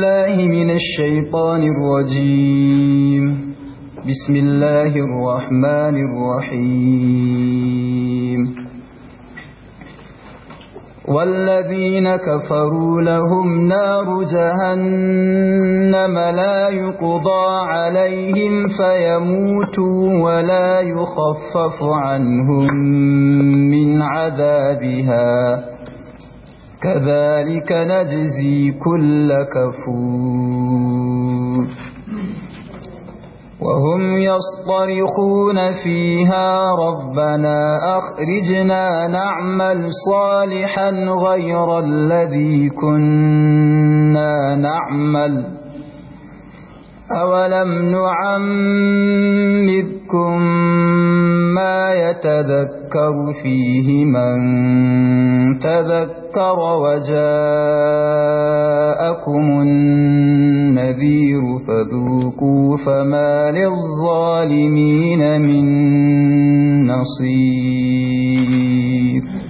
الله من الشيطان الرجيم بسم الله الرحمن الرحيم والذين كفروا لهم نار جهنم لا يقضى عليهم فيموتوا ولا يخفف عنهم من عذابها كذلك نجزي كل كفور وهم يصطرخون فيها ربنا أخرجنا نعمل صالحا غير الذي كنا نعمل أولم نعمركم ما يتذكر فيه من تذكر وجاءكم النذير فذوقوا فما للظالمين من نصير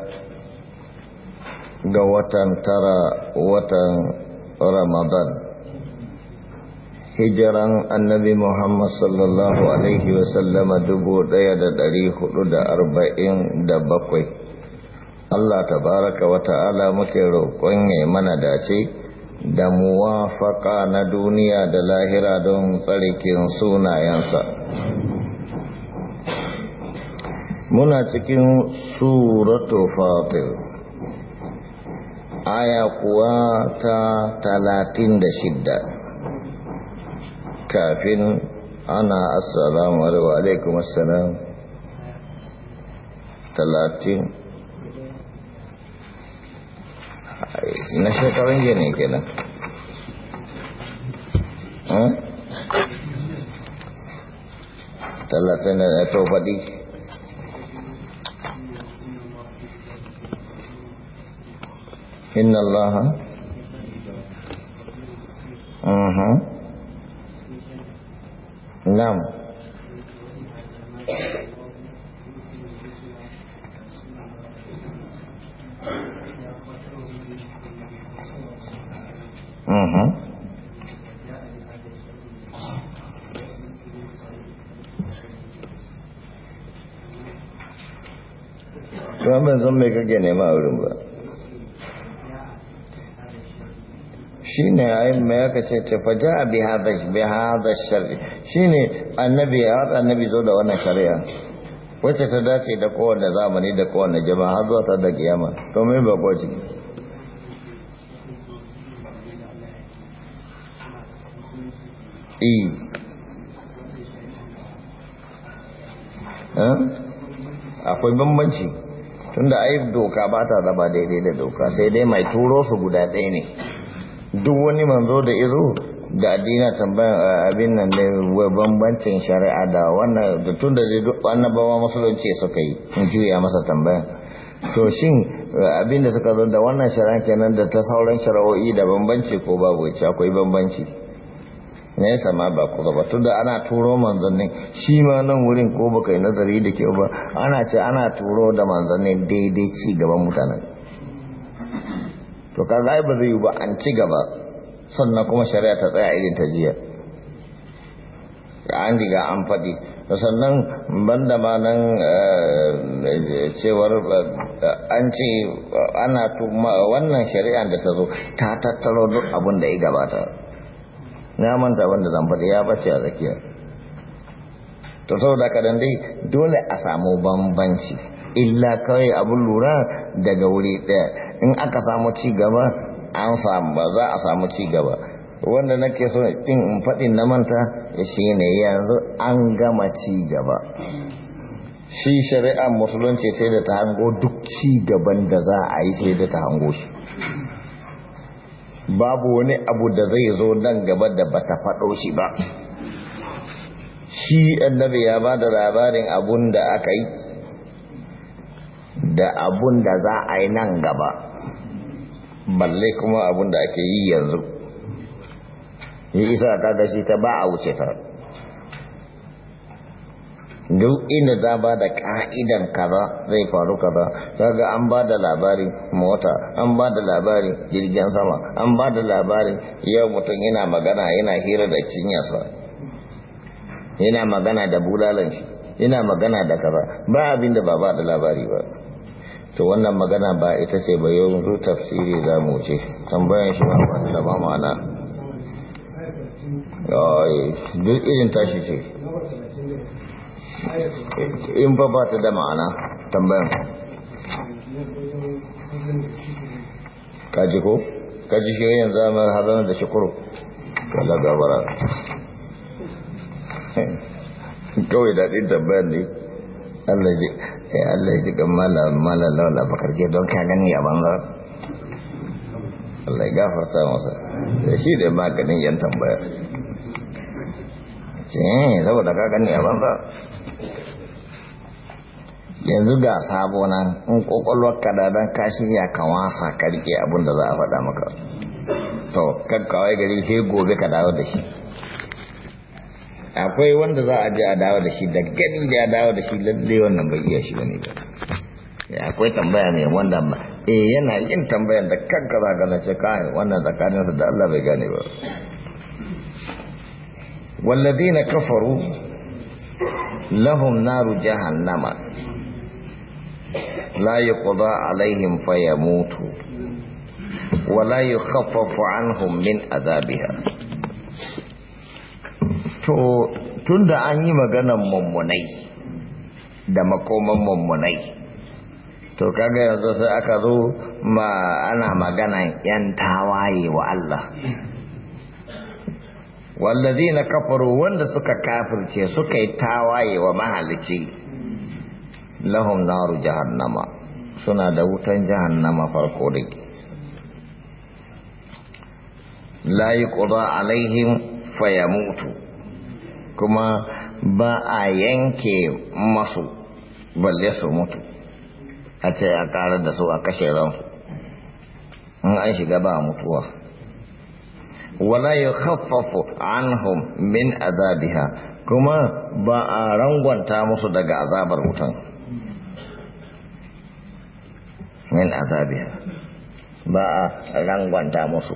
ga watan tara watan ramadan hijiran annabi muhammad sallallahu alaihi wasallama dubu daya da dari hudu da arba'in da bakwai allah tabaraka wa ta'ala muke roƙon ya mana dace da muwafaka na duniya da lahira don tsarkin sunayensa muna cikin suratu fatir aya kuwa ta talatin da shidda kafin ana assalamu alaikum assalam talatin na shekarun gini gina eh? talatin da ya to إن الله أها نعم أها Sama zan mai kake nema a wurin ba. shine ayin mai aka ce ce fa ja'a shi hadha bi hadha annabi ya wata annabi zo da wannan shari'a wacce ta dace da kowane zamani da kowane jama'a har zuwa ta da kiyama to me bako kwaci eh. akwai bambanci tunda ai doka ba ta zaba daidai da doka sai dai mai turo su guda ɗaya ne duk wani manzo da izo da adina tambayan abin nan da bambancin shari'a da wannan da tun da duk annabawa musulunci suka yi in juya masa tambayan to shin abin da suka zo da wannan shari'a kenan da ta sauran shari'o'i da bambanci ko babu ce akwai bambanci ne sama ba ku ba tun da ana turo manzannin shi ma nan wurin ko baka yi nazari da kyau ba ana ce ana turo da manzannin daidai ci gaban mutanen to ka zai ba zai yi ba an ci gaba sannan kuma shari'a ta tsaya irin ta jiya an diga an faɗi sannan banda ma nan eh, cewar eh, an ce eh, ana tuma wannan shari'a da ta zo ta tattaro duk abin da ya gabata na manta wanda zan faɗi ya bace a tsakiya to saboda kadan dai dole a samu bambanci illa kawai abu lura daga wuri ɗaya in aka samu ci gaba an samu ba za a samu ci gaba wanda nake so ɗin in faɗi na manta shi ne yanzu an gama ci gaba shi shari'ar musulunci sai da ta hango duk ci gaban da za a yi sai da ta hango shi babu wani abu da zai zo nan gaba da bata faɗo shi ba shi annabi ya ba da labarin abun da aka yi da abun da za a yi nan gaba balle kuma abun da ake yi yanzu yi isa ta shi ta ba a wuce ta duk inda za ba da ka'idan kaza zai faru kaza kaga an ba da labari mota an ba da labari jirgin sama an ba da labari yau mutum yana magana yana hira da cinyarsa yana magana da bulalan yana magana da kaza ba abinda ba ba da labari ba to wannan magana ba ita ce ba yanzu tafsiri za mu ce tambayan shi ba da ba ma'ana duk irin tashi ce in ba ba ta da ma'ana tambayan kaji ko kaji shi yanzu zamar hazan da shukuru wala gabara kawai daɗin tambayan ne Allah ji ya eh, Allah ji kan malam laula bakar ke don ka gani a banzar Allah ya gafarta masa da shi da maganin yan tambaya eh saboda ka gani a banzar yanzu ga sabo nan in kokolwar kadadan da dan ka shirya ka wasa ka rike za a faɗa maka to kakkawai gari sai gobe ka dawo da shi akwai wanda za a je a dawo da shi da gani da ya dawo da shi lalle wannan bai iya shi bane ba akwai tambaya ne wanda eh yana yin tambayar da kanka za ka zace kai wannan tsakanin da Allah bai gane ba والذين كفروا لهم نار جهنم لا يقضى عليهم فيموتوا ولا يخفف عنهم من عذابها to tun an yi maganan mummunai da makoman mummunai to kaga yanzu sai aka zo ma ana maganan yan tawaye wa Allah na kafaru wanda suka kafirce suka yi tawaye wa mahalici lahum naru jahannama suna da wutan jahannama farko da la yuqda alaihim fayamutu kuma ba a yanke masu balle su mutu a ce a karar da su a kashe ransu in an shiga ba mutuwa wala ya khaffafu anhum min azabiha kuma ba a rangwanta musu daga azabar wutan min azabiha ba a rangwanta musu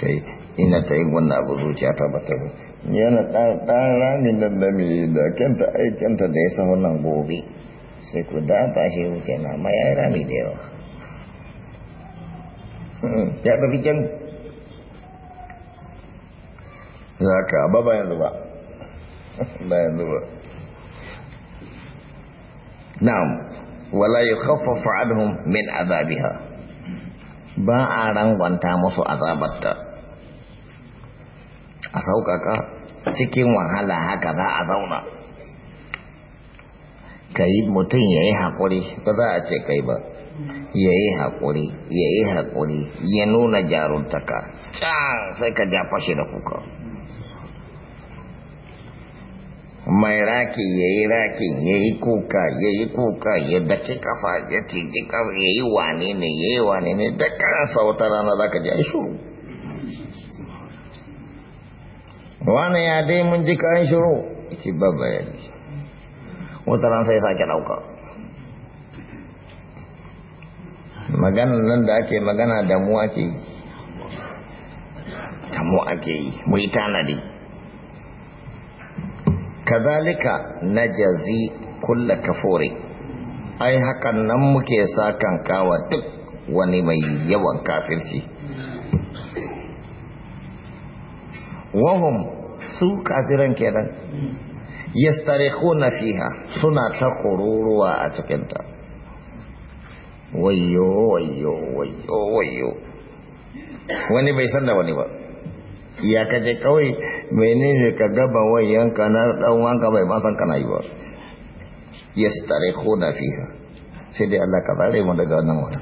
kai ina ta yi wannan abu zuciya ta bata yana ɗan ranin nan da mai da kenta aikenta da ya san wannan gobe sai ku da ta shi wuce na ma ya yi rami da yawa hmm, ya ɗafi kyan za ka ba ba yanzu ba ba yanzu ba na'am wala yi khaffafa adhum min azabiha ba a rangwanta musu azabarta a sauƙaƙa cikin wahala haka za a zauna ka yi mutum ya yi haƙuri ba za a ce kai ba ya yi haƙuri ya yi haƙuri ya nuna jaruntaka can sai ka ja fashe da kuka mai raki ya yi raki ya yi kuka ya yi kuka ya daki kafa ya tiji ya yi wane ne ya yi wane ne da kansa wata rana za ka ji shuru wani ya dai mun ji kayan shiru babba ya bayani wata ran sai sake ɗauka magana nan da ake magana damuwa ke yi damuwa ake yi mu yi tanadi kazalika na jazi kulla kafore ai hakan nan muke sakan kawa duk wani mai yawan kafirci wahum su kafiran kenan yastarikhuna fiha suna ta kururuwa a cikinta wayo wayo wayo wayo wani bai san da wani ba ya kaje kawai menene ka gaba wayanka na dan wanka bai ma san kana yi ba yastarikhuna fiha sai dai Allah ka bare mu daga wannan wata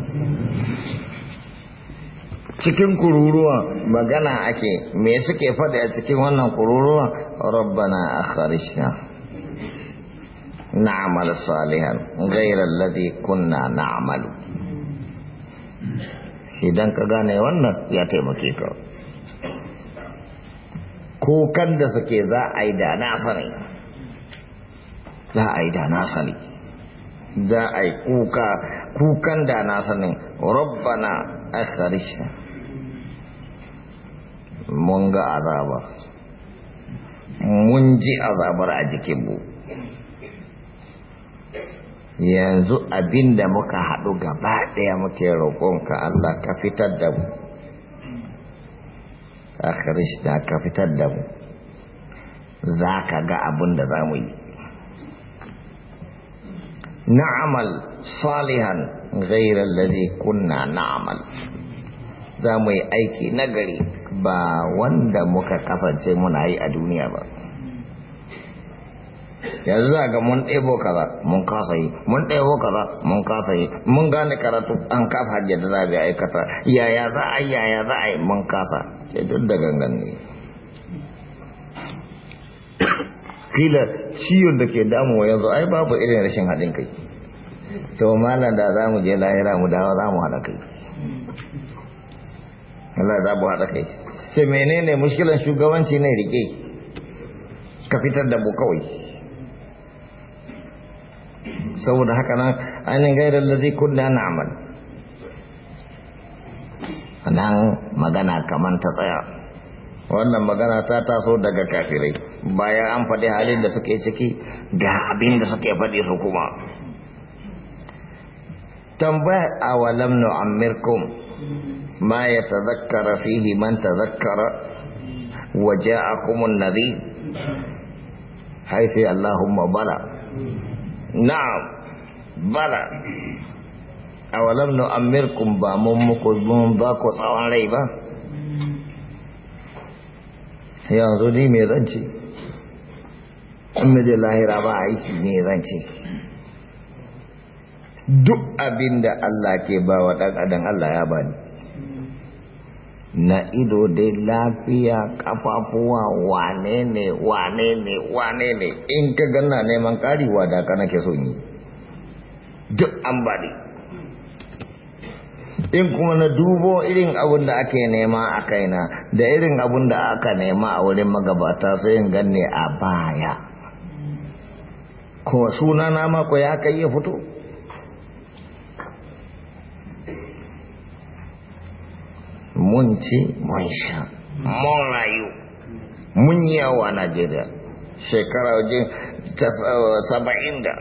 cikin kururuwa magana ake me suke faɗi a cikin wannan kururuwa rabbana akharishna na'mal salihan ghayra alladhi kunna na'mal idan ka gane wannan ya taimake ka kukan da suke za a yi da na sani za a yi da na sani za a yi kuka kukan da na sani rabbana akharishna mun ga azabar mun ji azabar a jikinmu yanzu abin da muka haɗu gaba ɗaya muke roƙonka Allah ka fitar da mu akhirishta ka fitar da mu za ka ga abin da za mu yi na'amal salihan ghairar lade kunna na'amal za mu yi aiki nagari ba wanda muka kasance muna yi a duniya ba yanzu za ga mun ɗebo kaza mun kasa yi mun ɗebo kaza mun kasa yi mun gane karatu an kasa hajjar da za a aikata yaya za a yaya za a yi mun kasa sai duk da gangan ne kila ciwon da ke damuwa yanzu ai babu irin rashin haɗin kai to malam da za mu je lahira mu dawo za mu haɗa kai Allah za mu haɗa kai sai menene mushkilan shugabanci ne rike ka fitar da mu kawai saboda haka nan ainihin gairar da zai kunna na amal nan magana kamar ta tsaya wannan magana ta taso daga kafirai bayan an faɗi halin da suke ciki ga abin da suke faɗi su kuma tambaya a walam nu'ammirkum ما يتذكر فيه من تذكر وجاءكم النذير حيث اللهم بلى نعم بلى أولم نؤمركم بأممكم باكو طوان ريبا yanzu ni mai zance in da lahira ba aiki ne zance duk abin da Allah ke ba wa ɗan Allah ya bani na ido dai lafiya kafafuwa wane ne wane ne wane ne in ka ganna neman ƙari da ka nake son yi duk an bari. in kuma na dubo irin abin da ake nema a kaina da irin abin da aka nema a wurin magabata sai in ganne a baya ko suna na mako ya kai ya fito mun ci mun sha mun rayu mun yi yawo a najeriya shekara wajen uh, saba'in da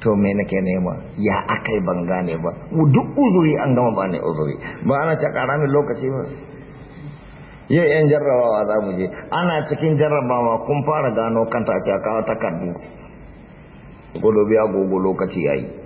to mai nake nema ya akai ban gane ba duk uzuri an gama ba ne uzuri ba ana ta karamin lokaci ba yau yan jarrabawa za mu je ana cikin jarrabawa kun fara gano kanta a kawo takardu godobi agogo lokaci yayi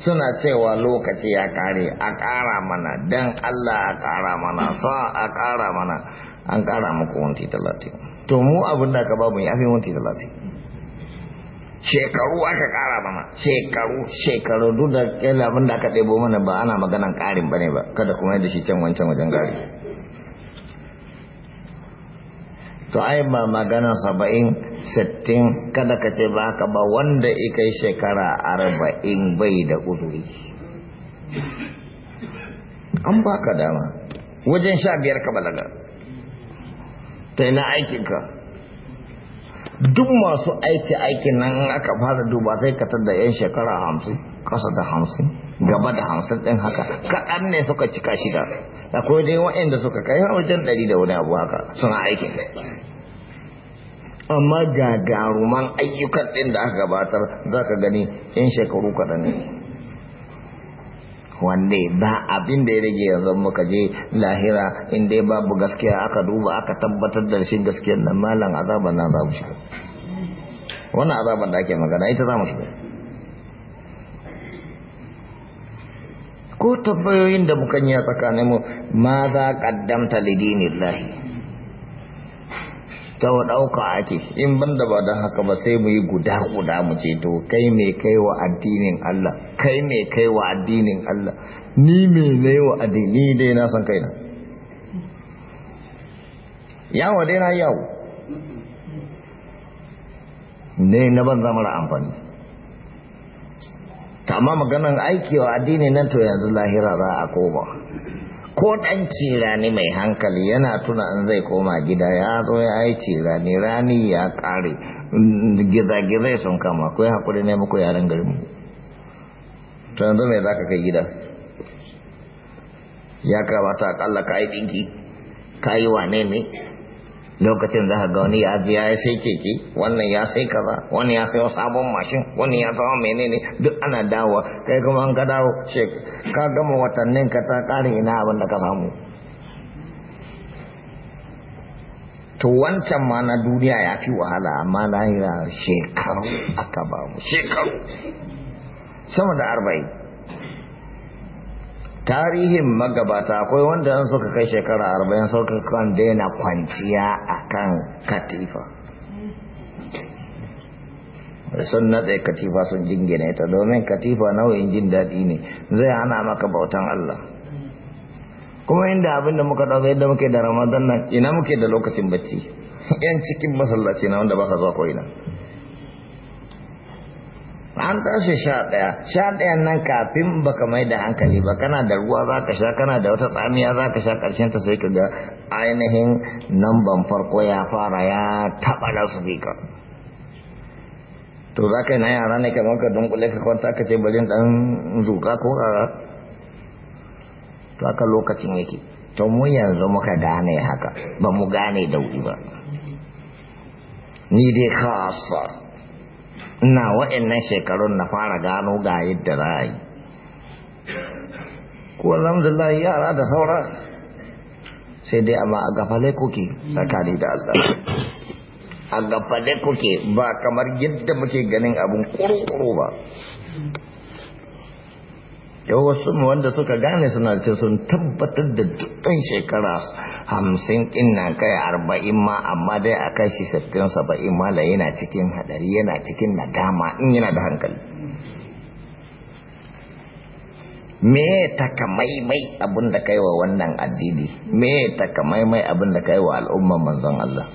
suna cewa lokaci ya kare a kara mana don Allah a ƙara mana sa a ƙara mana an ƙara muku wanti talatin to mu abin da ka ba mu yafi wanti talatin shekaru aka kara mana shekaru shekaru duk da kyalabin da aka ɗebo mana ba ana maganan ƙarin ba ne ba kada kuma yadda shi can wancan wajen gari to ai ba magana saba'in sittin kada ka ce ba haka ba wanda ika yi shekara arba'in bai da uzuri an ba ka dama wajen sha biyar ka balaga ta na aikinka duk masu aiki aikin nan aka fara duba sai ka da yan shekara hamsin kasa da hamsin gaba da hamsin ɗin haka kaɗan ne suka cika shida akwai dai waɗanda suka kai har wajen ɗari da wani abu haka suna aikin amma ga garuman ayyukan ɗin da aka gabatar za ka gani yan shekaru kaɗan ne wanne ba abin da ya rage yanzu muka je lahira in dai babu gaskiya aka duba aka tabbatar da rashin gaskiyar nan malam azaban nan za mu shiga wannan azaban da ake magana ita za mu shiga ko tambayoyin da muka yi a tsakaninmu ma za ƙaddamta lidinillahi ta ɗauka ake in ban da ba don haka ba sai mu yi guda guda mu ce to kai mai kai wa addinin Allah kai mai kai wa addinin Allah ni mai lai wa addini dai na san kaina yawa dai na yawo ne na ban zama amfani ta amma maganan aikewa addini nan to yanzu lahira za a koma ko dan cirani mai hankali yana tuna in zai koma gida ya zo ya yi cirani rani ya kare gizagizai sun kama ko ya ne muku yaren garin mu yanzu mai zaka ka kai gida ya kamata akalla ka yi ɗinki ka yi ne lokacin za ka ga wani ya ji ya sai keke wannan ya sai kaza wani ya sayo sabon mashin wani ya zama menene duk ana dawowa kai kuma an ka dawo ka gama watannin ka ta kare ina abin da ka samu to wancan ma na duniya ya fi wahala amma lahira shekaru aka ba mu shekaru sama da arba'in tarihin magabata akwai wanda an suka kai shekara arba'in suka kan daina kwanciya a kan katifa sun natsa katifa sun jingina ita domin katifa nau'in jin daɗi ne zai hana maka bautan Allah kuma inda abinda muka ɗauka yadda muke da ramadan nan ina muke da lokacin bacci yan cikin masallaci na wanda ba sa zuwa ina. an tashi sha ɗaya sha ɗayan nan kafin baka mai da hankali ba kana da ruwa za ka sha kana da wata tsamiya za ka sha ƙarshen ta sai ka ga ainihin nan ban farko ya fara ya taɓa da su to za ka yi na yara ne kamar ka dunkule ka kwanta ka ce bajin ɗan zuƙa ko ƙara to haka lokacin yake to mu yanzu muka gane haka ba mu gane da wuri ba ni dai khasa na wa'annan shekarun na fara gano ga yadda za a yi ko alhamdulillah yara da saura sai dai amma a gafale kuke tsakani da Allah a gafale kuke ba kamar yadda muke ganin abin kuro-kuro ba yau wasu wanda suka gane suna ce sun tabbatar da dukkan shekara hamsin din na kai arba'in ma amma dai a kai shi sittin saba'in la yana cikin hadari yana cikin nadama in yana da hankali me takamaimai abin da kai wa wannan addini me takamaimai abin da kai wa al'umman manzon Allah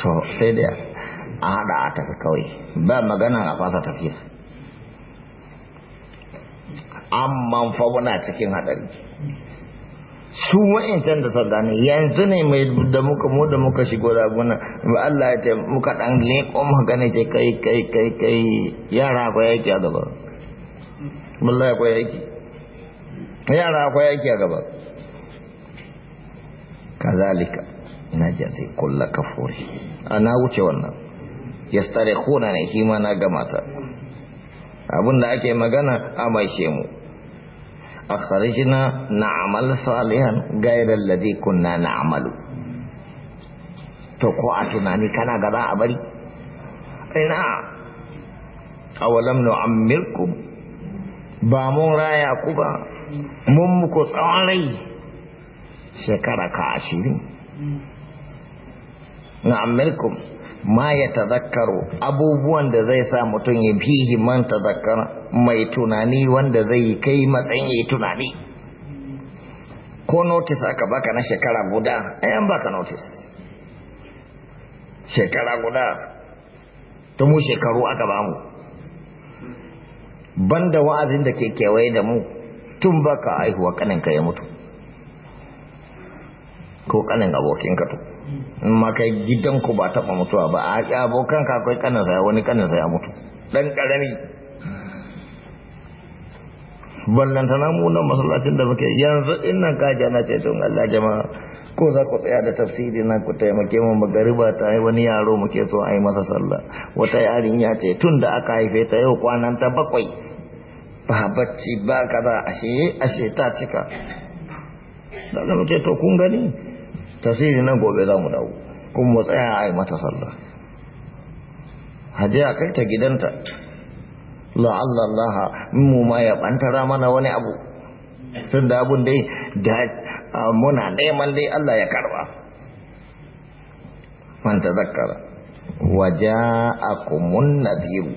to sai da a hada a tafi kawai ba magana a fasa tafiya amman fa muna cikin hadari su wa'incan da sardani yanzu ne mai da muka mu da muka shigo da ba Allah ya ce muka dan leƙo muka gane ce kai kai kai kai yara ko yake a gaba wallahi ko yake yara ko yake a gaba kazalika ina jazi kullu kafuri ana wuce wannan yastarikhuna ne shi ma na gamata abinda ake magana a mai shemu mu akharijna na'mal salihan ghayra alladhi kunna na'malu to ko a tunani kana gaba a bari ina awalam nu'ammirkum ba mun raya ku ba mun muku tsawarai shekara ka ashirin nu'ammirkum ma ya tazakkaru abubuwan da zai sa mutum ya fi himan tazakkara mai tunani wanda zai kai matsayin yi tunani ko notis aka baka na shekara guda ayan eh, baka notis shekara guda ta mu shekaru aka bamu banda wa'azin da ke kewaye da mu tun baka aihuwa kaninka ya mutu ko kanin abokinka to maka gidanku ba taba mutuwa ba a abokanka akwai kaninsa ya wani kaninsa ya mutu ɗan ƙarami ballantana mu nan masallacin da muke yanzu innan kaja na ce don Allah jama'a ko za ku tsaya da tafsiri na ku taimake mu magariba ta yi wani yaro muke so a yi masa sallah wata yarinya ce tun da aka haife ta yau kwanan ta bakwai ba bacci ba kaza ashe ashe ta cika daga muke to kun gani tafsiri nan gobe za mu dawo kun mu tsaya a yi mata sallah hajiya kai ta gidanta la'allallaha mu ma ya bantara mana wani abu tun da abun dai da muna neman dai Allah ya karba man tazakkara waja'akumun nadhiru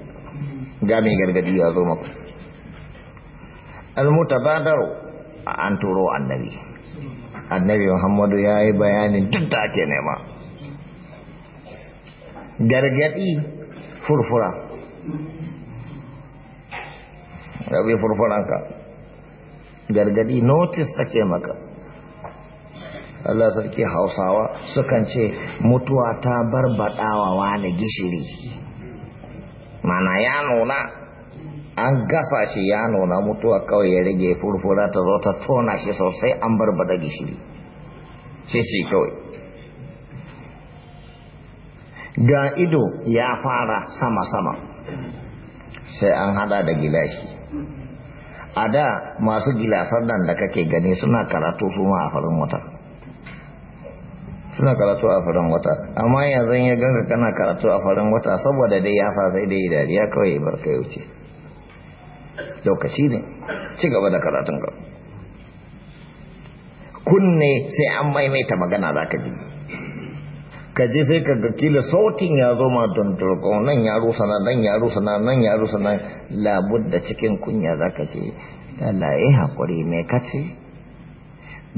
ga mai gargadi ya zo maka almutabadaru an turo annabi annabi muhammadu ya yi bayanin duk da ake nema gargadi furfura rabe ka gargadi notice take maka Allah sarki hausawa sukan ce mutuwa ta barbadawa wani gishiri mana ya nuna an gasa shi ya nuna mutuwa kawai ya rage furfura ta zo ta tona shi sosai an barbada gishiri ce ce kawai ga ido ya fara sama-sama sai an hada da gilashi a da masu gilasar nan da kake gani suna karatu su ma a farin wata suna karatu a farin wata amma yanzu ya ganka kana karatu a farin wata saboda dai ya sa sai dai dariya kawai bar kai wuce lokaci ne ci gaba da karatun ka kunne sai an maimaita magana za ka ji Kaje sai ka ga kila sautin ya zo ma tunturko nan ya rusa nan ya rusa nan ya rusa na labud da cikin kunya za ka ce Allah ya eh, haƙuri mai kace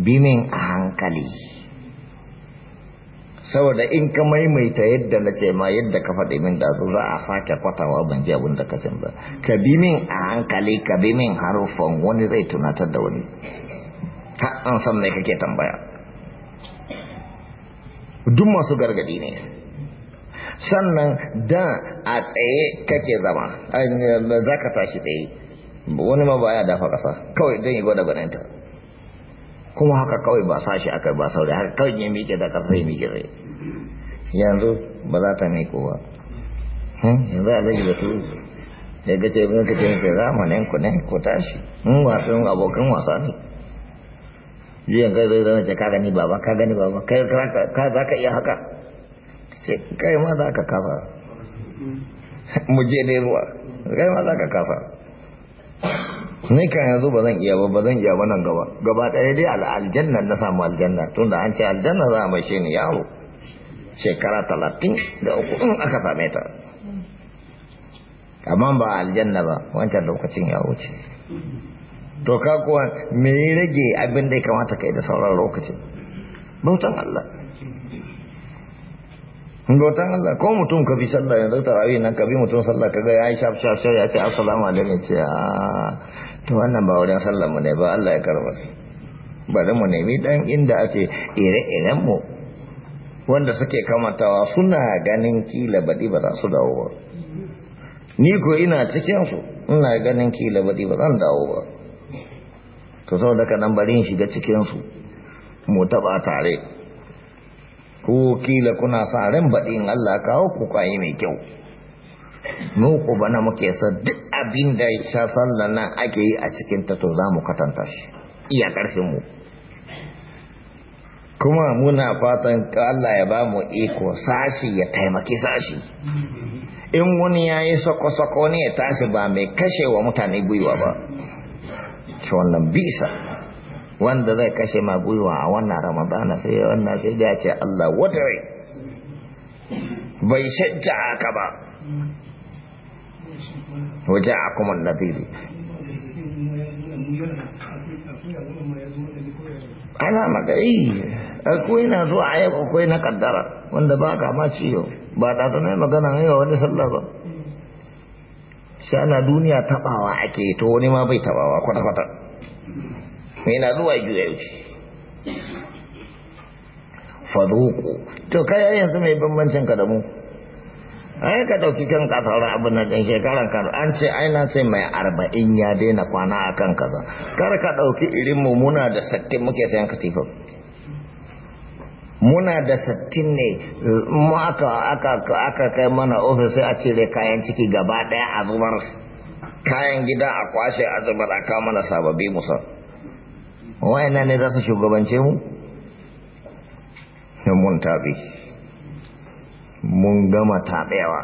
Bimin a hankali saboda in ka maimaita yadda na ce ma yadda ka faɗi min da za a sake kwatawa ban ji abin da ka ce ba ka bi min a hankali ka bi min harufan wani zai tunatar da wani har an san me kake tambaya duk masu gargadi ne sannan da a tsaye kake zama za ka tashi tsaye wani ma baya dafa kasa kawai don yi gwada gwaninta kuma haka kawai ba sashi aka ba saurari haka kawai ya miƙe da kasa ya miƙe zai yanzu ba za ta miƙo ba hmm, yanzu a zai da ya daga ce bin ka ce zamanin ku ne ku tashi in wasan abokan wasa ne jiyan kai zai zama ce ka gani baba ka gani baba kai ka za ka iya haka ce kai ma za ka kafa mu je ne ruwa kai ma za ka kafa ni kan yanzu ba zan iya ba ba zan iya ba nan gaba gaba ɗaya dai aljanna na samu aljanna tun da an ce aljanna za a mashe ni yawo shekara talatin da uku in aka same ta amma ba aljanna ba wancan lokacin ya wuce doka ka kuwa me rage abin da ya kamata kai da sauran lokaci bautan Allah bautan Allah ko mutum ka bi sallah yanzu tarawih nan ka bi mutum sallah kaga ya yi shaf shaf ya ce assalamu alaikum ce ah, to wannan ba wurin sallar mu ne ba Allah ya karba da mu mi dan inda ake ire-iren mu wanda suke kamatawa suna ganin kila baɗi ba za su dawo ba ni ko ina cikin su ina ganin kila baɗi ba zan dawo ba to sau daga kanan bari shiga cikinsu mu taba tare ko kila kuna sa ran baɗi Allah kawo ku kwayi mai kyau mu ku bana muke sa duk abin da sha sallan nan ake yi a cikin ta to za katanta shi iya karfin mu kuma muna fatan Allah ya ba mu iko sashi ya taimaki sashi in wani yayi yi sako-sako ne ya tashi ba mai kashe wa mutane gwiwa ba shi wannan bisa wanda zai kashe ma gwiwa a wannan ramadana sai wannan sai da ce Allah wadare bai shajja aka ba waje a kuma nadiri ana magari akwai na zuwa ayyuka akwai na kaddara wanda ba ka ma ciyo ba ta tunai magana yawa wani sallar ba sai ana duniya tabawa ake to wani ma bai tabawa kwata-kwata yana zuwa juya yauci fazuku to kayan yanzu mai bambancin ka da mu ai ka dauki kan ka sauran abin na din shekaran ka an ce ai na mai arba'in ya daina kwana akan kaza kar ka ɗauki irin mummuna da sattin muke sayan katifa muna da sattin ne aka kai mana ofis sai a cire kayan ciki gaba daya a zubar kayan gida a kwashe a zubar a kawo mana sababi musa wayannan ne za su shugabance mu mun tabi mun gama tabewa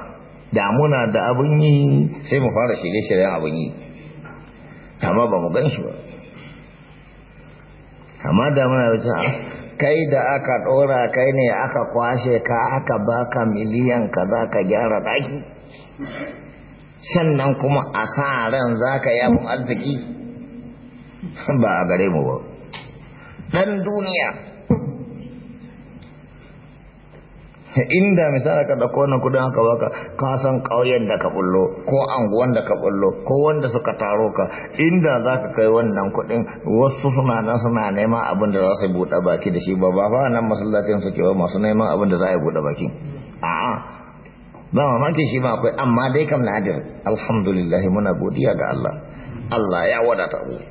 da muna da abin yi sai mu fara shirye-shiryen abin yi amma ba mu gan shi ba amma da muna da kai da aka ɗora kai ne aka kwashe ka aka baka miliyan ka za ka gyara ɗaki sannan kuma a sa ran za ka yabon arziki ba a gare mu ba ɗan duniya inda misali ka dauko wannan kudin haka baka ka san ƙauyen da ka bullo ko anguwan da ka bullo ko wanda suka taro ka inda za ka kai wannan kudin wasu suna nan suna neman abin da za su buɗe baki da shi ba ba ba nan masallacin suke ba masu neman abin da za a buɗa baki a'a ba mace shi ma akwai amma dai kam nadir alhamdulillah muna godiya ga Allah Allah ya wadata mu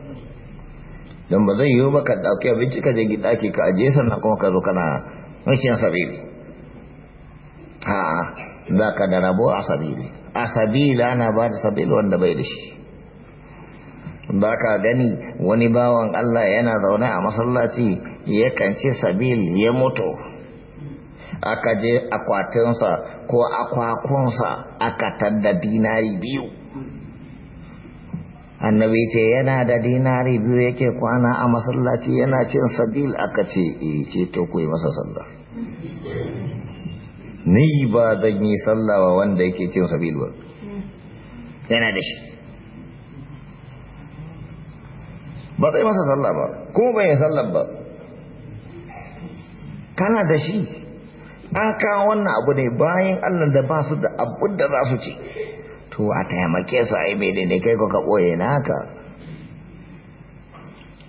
don ba zai yiwu ba ka dauke abinci ka je gida ka aje sannan kuma ka zo kana rashin sabili a'a za ka da rabo a sabili a sabila na ba da sabili wanda bai da shi ba ka gani wani bawan Allah yana zaune a masallaci yakan ce sabil ya mutu aka je akwatinsa ko akwakunsa aka tadda dinari biyu annabi ce yana da dinari biyu yake kwana a masallaci yana cin sabil aka ce eh, ce to kuwa masa sallah ni ba zan yi sallawa wanda yake cin sabilu ba yana da shi ba zai masa sallah ba kuma bai yi sallah ba kana da shi an kawo wannan abu ne bayan allah da ba su da abunda da za su ci to a taimake su a yi mai ne kai ka ɓoye naka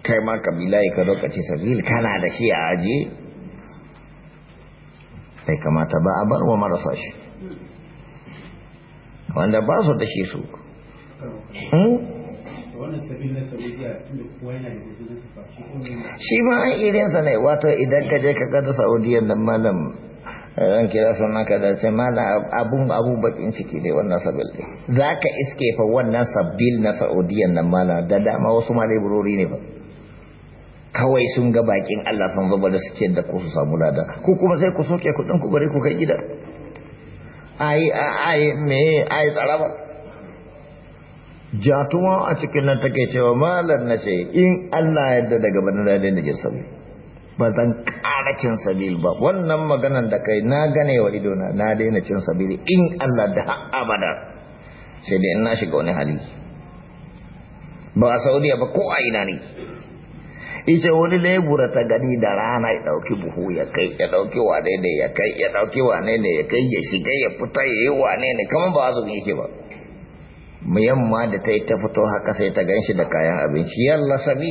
kai ma kabila ya ka lokaci sabil kana da shi a ajiye Sai kamata ba a bar wa marasa shi wanda ba su da shi su hmm? shi ma an irinsa ne wato idan ka je ka gada saudiya da malam ran eh, kira suna ka da ce malam abun abu bakin ciki ne wannan sabil ne za ka iske fa wannan sabil na saudiya nan malam da dama wasu ma ne ba kawai sun ga bakin Allah sun zaba da suke da ku su samu lada ku kuma sai ku soke kuɗin ku bari ku kai gida ai ai me ai ba jatuwa a cikin nan take cewa malam ce in Allah ya yarda daga bana da da jin ba zan ƙara cin sabil ba wannan maganan da kai na gane wa idona na daina cin sabil in Allah da abada sai dai in na shiga wani hali ba a Saudiya ba ko a ina ne ita wani lebura ta gani da rana ya dauki buhu ya kai ya dauki wane ne ya kai ya dauki wane ne ya kai ya shiga ya fita ya yi wane ne kamar ba azumi yake ba yamma da ta yi ta fito haka sai ta gan shi da kayan abinci yalla sami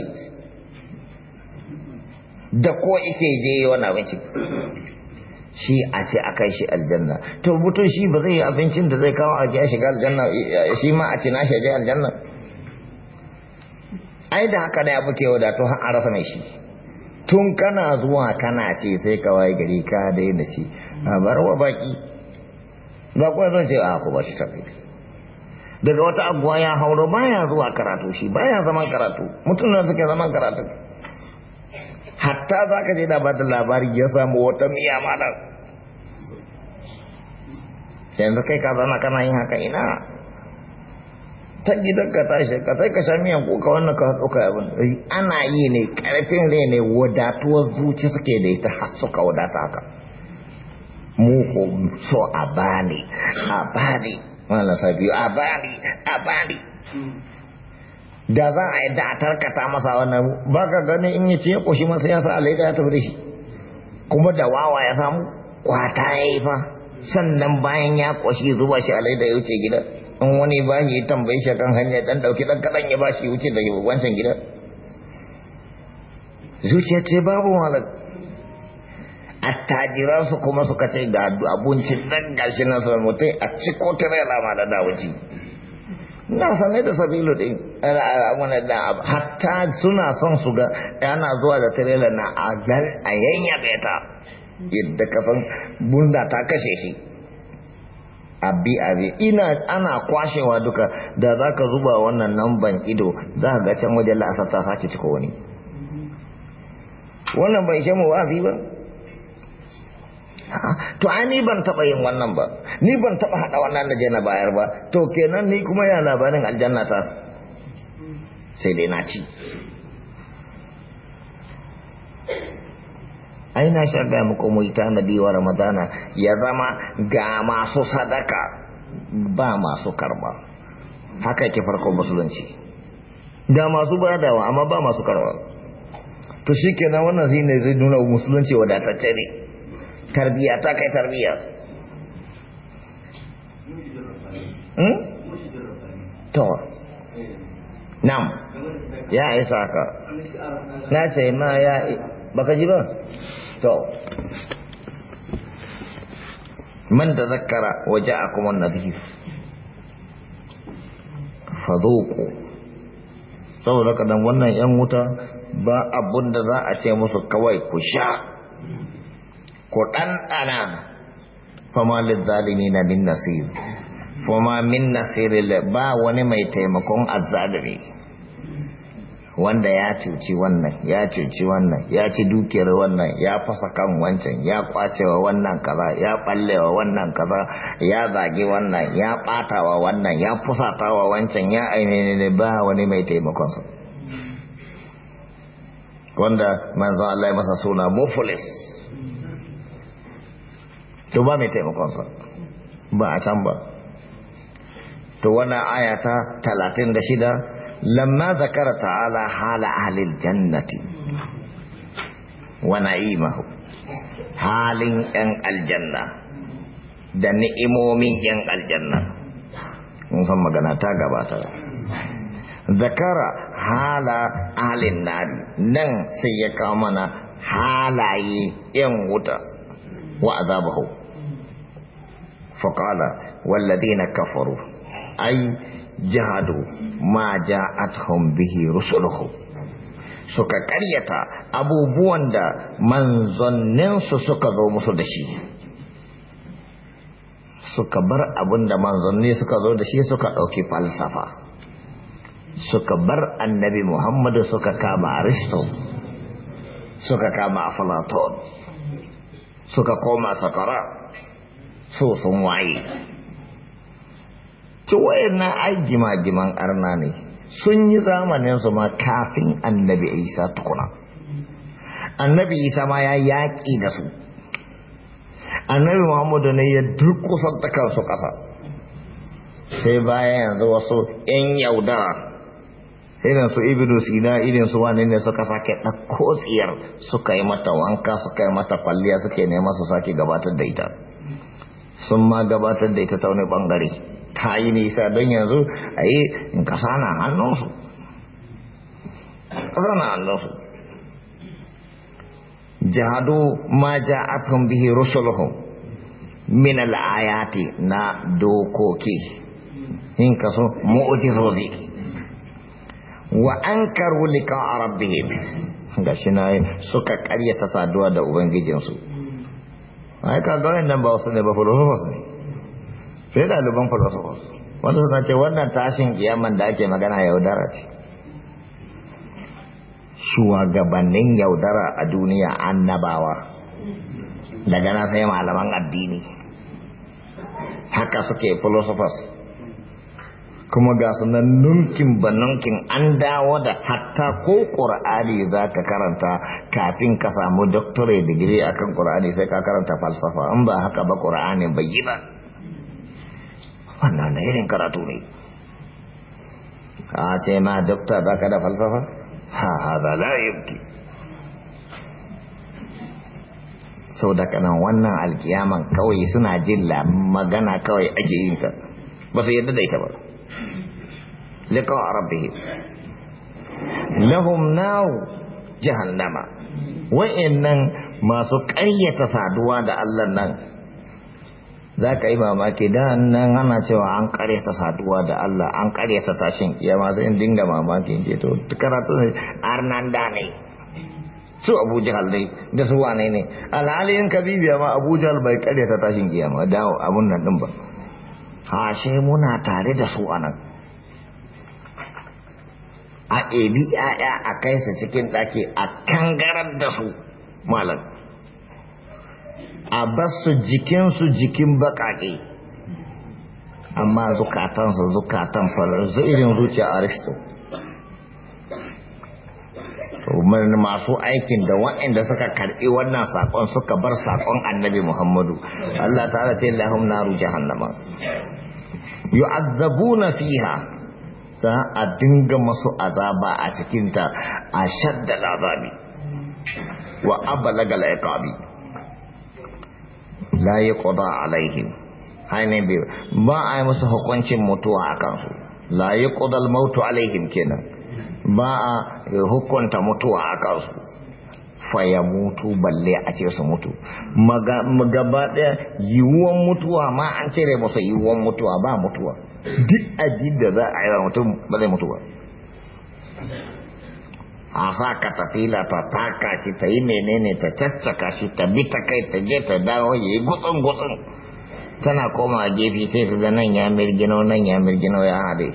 da ko ike je yi wani abinci shi a ce a kai shi aljanna to mutum shi ba zai yi abincin da zai kawo a shiga aljanna shi ma a ce na shi je aljanna ai da haka da abu ke to har arasa rasa mai shi tun kana zuwa kana ce sai ka waye gari ka daina ci a bar wa baki ba kuwa zan ce a ah, ku ba shi tafi daga wata abuwa ya hauro baya zuwa karatu shi baya zaman karatu mutum na suke zaman karatu hatta za ka je da ba da labari ya samu wata miya malar yanzu kai ka zama kana yin haka ina ta gidan ka tashi ka sai ka sha miyan kuka wannan ka haɗo kai abin ana yi ne karfin rai ne wadatuwar zuci suke da ita har suka wadata haka mu ko so a bani a bani wannan sabiyo a bani a bani da za a yi da a tarkata masa wannan ba ka gani in yi ce ya ƙoshi masa ya sa alaika ya tafi da shi kuma da wawa ya samu kwata ya yi fa sannan bayan ya ƙoshi zuba shi alaika ya wuce gida in wani ba yi tambayi shi kan hanya dan dauki dan kadan ya bashi wuce da wancan gida zuciya ce babu malam attajira su kuma suka ce ga abincin dan gashi na sun mutai a ciko tirela ma da dawaji na sane da sabilu din wani da hatta suna son su ga yana zuwa da tirela na a yayyabe ta yadda kasan bunda ta kashe shi abi abi ina ana kwashewa duka da za ka zuba wannan namban ido za ka ga can wajen la'asar ta sake cika wani wannan bai ishe mu wa'azi ba to ai ni ban taɓa yin wannan ba ni ban taɓa haɗa wannan da je na bayar ba to kenan ni kuma ya labarin aljanna ta sai dai na ci ai na sha gaya muku mu tanadi wa ramadana ya zama ga masu sadaka ba masu karba haka ke farko musulunci Ga masu badawa amma ba masu karba to shi nan wannan zai zai nuna musulunci wadatacce ne tarbiya ta kai tarbiya hmm? to nam ya isa ka na ce ma ya baka ji ba to man da zakara waje a kuma nazif fazoko saboda kadan wannan yan wuta ba abun da za a ce musu kawai ku sha ku ɗanɗana fama zalimi na min nasir fama min nasir ba wani mai taimakon azzalimi wanda ya cuci wannan ya cuci wannan ya ci dukiyar wannan ya fasa kan wancan ya kwacewa wannan kaza ya ballewa wannan kaza ya zagi wannan ya ɓatawa wannan ya fusatawa wancan ya ainihin ne ba wani mai taimakonsa wanda manzon Allah ya masa suna mufulis to ba mai taimakonsa ba a can ba to wannan ayata talatin da shida lamma zakara ta'ala hala ahlil jannati wa na'imahu halin yan aljanna da ni'imomin yan aljanna mun san ta gabata zakara hala ahlin nari nan sai ya kawo mana halaye yan wuta wa azabahu faqala والذين كفروا أي jahadu ma ja'atuhum bihi rusuluhu suka karyata abubuwan da manzanninsu suka zo musu da shi suka bar abin da manzanni suka zo da shi suka ɗauki falsafa suka bar annabi muhammadu suka kama aristo suka kama aflaton suka koma sakara so sun waye ce na ai gima-giman arna ne sun yi zamanin su ma kafin annabi isa tukuna annabi isa ma ya yaƙi da su annabi muhammadu ne ya durkusar da kansu ƙasa sai baya yanzu wasu 'yan yauda irin su ibidu sina irin su wani ne suka sake ɗauko tsiyar suka yi mata wanka suka yi mata kwalliya suke nema su sake gabatar da ita sun ma gabatar da ita ta wani bangare ta yi nisa don yanzu a yi in kasa na hannunsu kasa na hannunsu jihadu ma ja'atun bihi rusulhu min al'ayati na dokoki in kaso mu'jizozi wa ankaru ne. rabbihim shi na suka karyata saduwa da ubangijinsu ai kaga wannan ba wasu ne ba philosophers ne sai ɗaliban filosofos wanda suka ce wannan tashin kiyaman da ake magana yaudara ce shugabannin yaudara a duniya annabawa daga nan sai malaman addini haka suke philosophers kuma ga sanan nunkin ba nunkin an dawo da hatta ko ƙur'ani za ka karanta kafin ka samu doctorate digiri akan ƙur'ani sai ka karanta falsafa in ba haka ba ƙur'ani bai yi ba wannan irin karatu ne a ce ma dokta ba ka da falsafa ha ha za la yi sau da kanan wannan alkiyaman kawai suna jin magana kawai ake yin ta ba su yadda da ita ba لقاء ربهم jahannama. نار جهنم وإن masu سكرية saduwa da نار za ka yi mamaki da nan ana cewa an karyata saduwa da Allah an karyata tashin ya masu in dinga mamaki ce to karatu ne arnan da ne su abu jahal dai da su wane ne alhali in kabibiya ma abu jahal bai karyata tashin kiyama da abun nan din ba hashe muna tare da su anan a ebi ‘ya'ya a kai sa cikin ɗaki a kangarar da su malam a basu jikinsu jikin baƙaƙe amma zukatansu zukatan falar irin zuciya aristo masu aikin da waɗanda suka karɓi wannan saƙon suka bar saƙon annabi muhammadu allah ta'ala ta yi lahum naru jahannama yu'azzabuna fiha za a dinga masu azaba a cikinta a shadda azabi wa abalaga laiƙabi la yi ƙuda alaihim ainihin biyu ba a yi musu hukuncin mutuwa a kansu la yi ƙudal mautu alaihim kenan ba a hukunta mutuwa a kansu faya mutu balle a ce su mutu gaba ɗaya yiwuwan mutuwa ma an cire masa yiwuwan mutuwa ba mutuwa duk abin da za a yi wa mutum ba zai mutu ba a sa ka tafila ta taka shi ta yi menene ta caccaka shi ta bi ta kai ta je ta dawo ya yi gutsun gutsun tana koma a gefe sai nan ya mirgino nan ya mirgino ya hade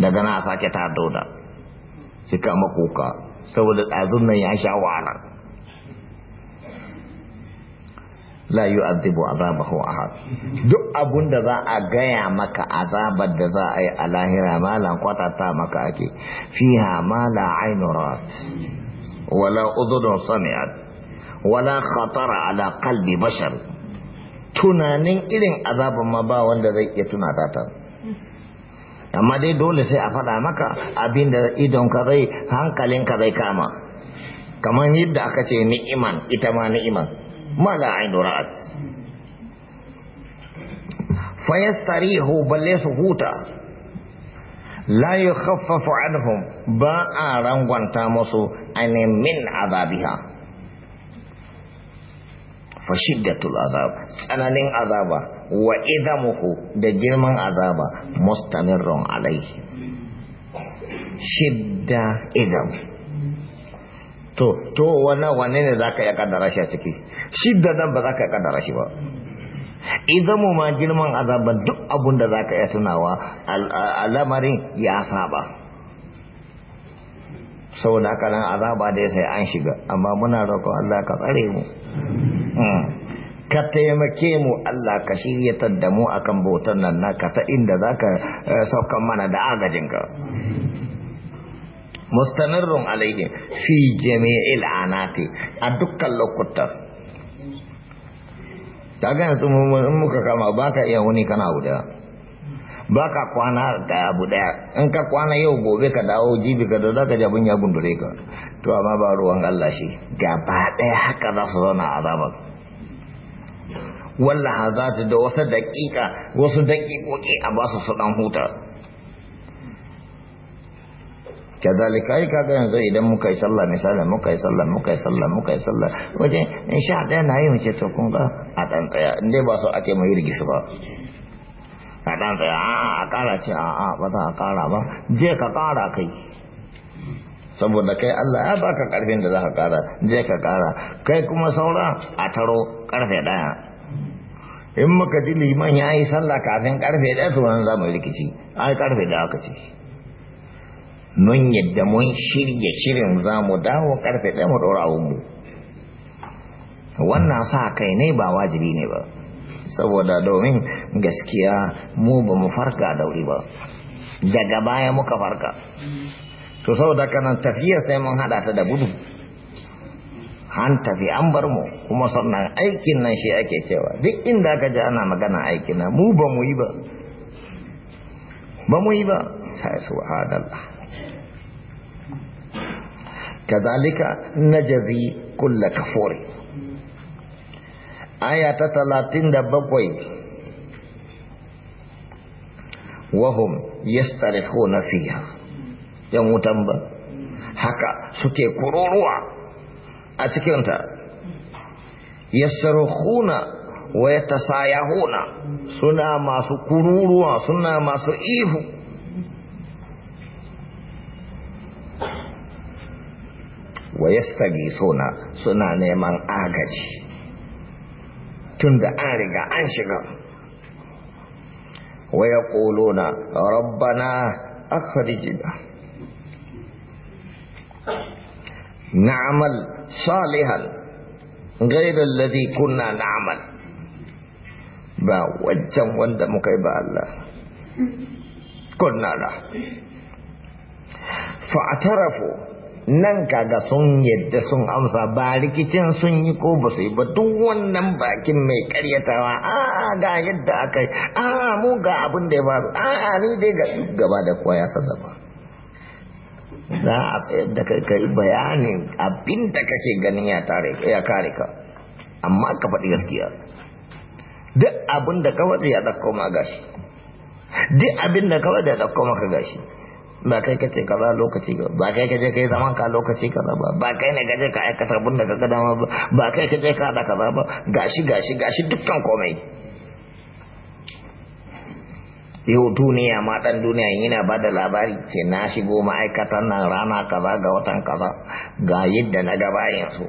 daga na sake ta doda shi kama kuka saboda ɗazun nan ya sha wahala la yu'adhibu azabahu ahad duk abun da za a gaya maka azabar da za a yi a lahira malan kwatata maka ake fiha ma la ainu wala udhun saniyar wala khatara ala qalbi bashar tunanin irin azabar ma ba wanda zai iya tuna ta amma dai dole sai a faɗa maka abin da ka zai hankalinka zai kama kamar yadda aka ce ni'iman ita ma ni'iman Mala la ainu ra'at fa yastarihu balle su huta la yukhaffafu anhum ba a rangwanta musu anin min azabiha fa shiddatul azab tsananin azaba wa idamuhu da girman azaba mustamirrun alayhi. shidda idam to to wannan wanne ne zaka iya kaddara shi a ciki shidda nan ba ka iya kaddara shi ba idan mu ma girman azaba duk abun da zaka iya tunawa al'amarin ya saba saboda haka nan azaba da sai an shiga amma muna roƙon Allah ka tsare mu hmm. ka taimake mu Allah ka shiryatar da mu akan bautar nan naka ta inda za ka eh, saukan mana da agajinka mustanirrun alaihim fi jami'il anati a dukkan lokutan kaga yanzu in muka kama baka iya wani kana guda baka kwana da abu daya in ka kwana yau gobe ka dawo jibi ka da ka jabin ya gundure ka to amma ba ruwan Allah shi gaba daya haka za su zauna azabar wallaha za ta da wata daƙiƙa wasu daƙiƙoƙi a basu su ɗan huta kazalika ai kaga yanzu idan muka yi sallah misali muka yi sallah muka yi sallah muka yi sallah waje in sha ɗaya na yi muke to kun ga a dan tsaya in dai ba so ake mai rigis ba a dan tsaya a a kara ce a a ba za a kara ba je ka kara kai saboda kai Allah ya baka karfin da za ka je ka kara kai kuma saura a taro karfe ɗaya in muka ji liman ya yi sallah kafin karfe ɗaya to nan zamu rikici ai karfe da aka ce mun yadda mun shirya shirin za mu dawo karfe ɗaya mu ɗora mu wannan sa kai ne ba wajibi ne ba saboda domin gaskiya mu ba mu farka da wuri ba daga baya muka farka to saboda kanan tafiya sai mun hada ta da gudu an tafi an bar mu kuma sannan aikin nan shi ake cewa duk inda aka ji ana magana aikin nan mu ba mu yi ba ba mu yi ba sai subhanallah كذلك نجزي كل كفور آية 37 وهم يسترخون فيها يوم تنبأ haka suke kururuwa a cikinta yassarukuna wa yatasayahuna suna masu kururuwa suna masu ihu ويستغيثون سنا نيمان اغاجي تند اريغا انشغا ويقولون ربنا اخرجنا نعمل صالحا غير الذي كنا نعمل با وجم وندم مكيبا الله كنا له فاعترفوا nan kaga sun yadda sun amsa ba rikicin sun yi ko ba su yi ba duk wannan bakin mai karyatawa a ga yadda aka yi a mu ga abin da ya faru a ni dai ga gaba da kowa ya san ba za a tsayar da kai kai bayanin abin da kake ganin ya tare ya kare ka amma ka faɗi gaskiya duk abin da ka faɗi ya ɗauko ma gashi duk abin da ka faɗi ya ɗauko maka gashi ba kai ka ce kaza lokaci ga ba kai ka je kai zaman ka lokaci kaza ba ba kai ne je ka aikata abin da ga dama ba ba kai ka je ka da kaza ba gashi gashi gashi dukkan komai yau duniya ma dan duniya yana ba da labari ce na shigo ma'aikatan nan rana kaza ga watan kaza ga yadda na gaba yanzu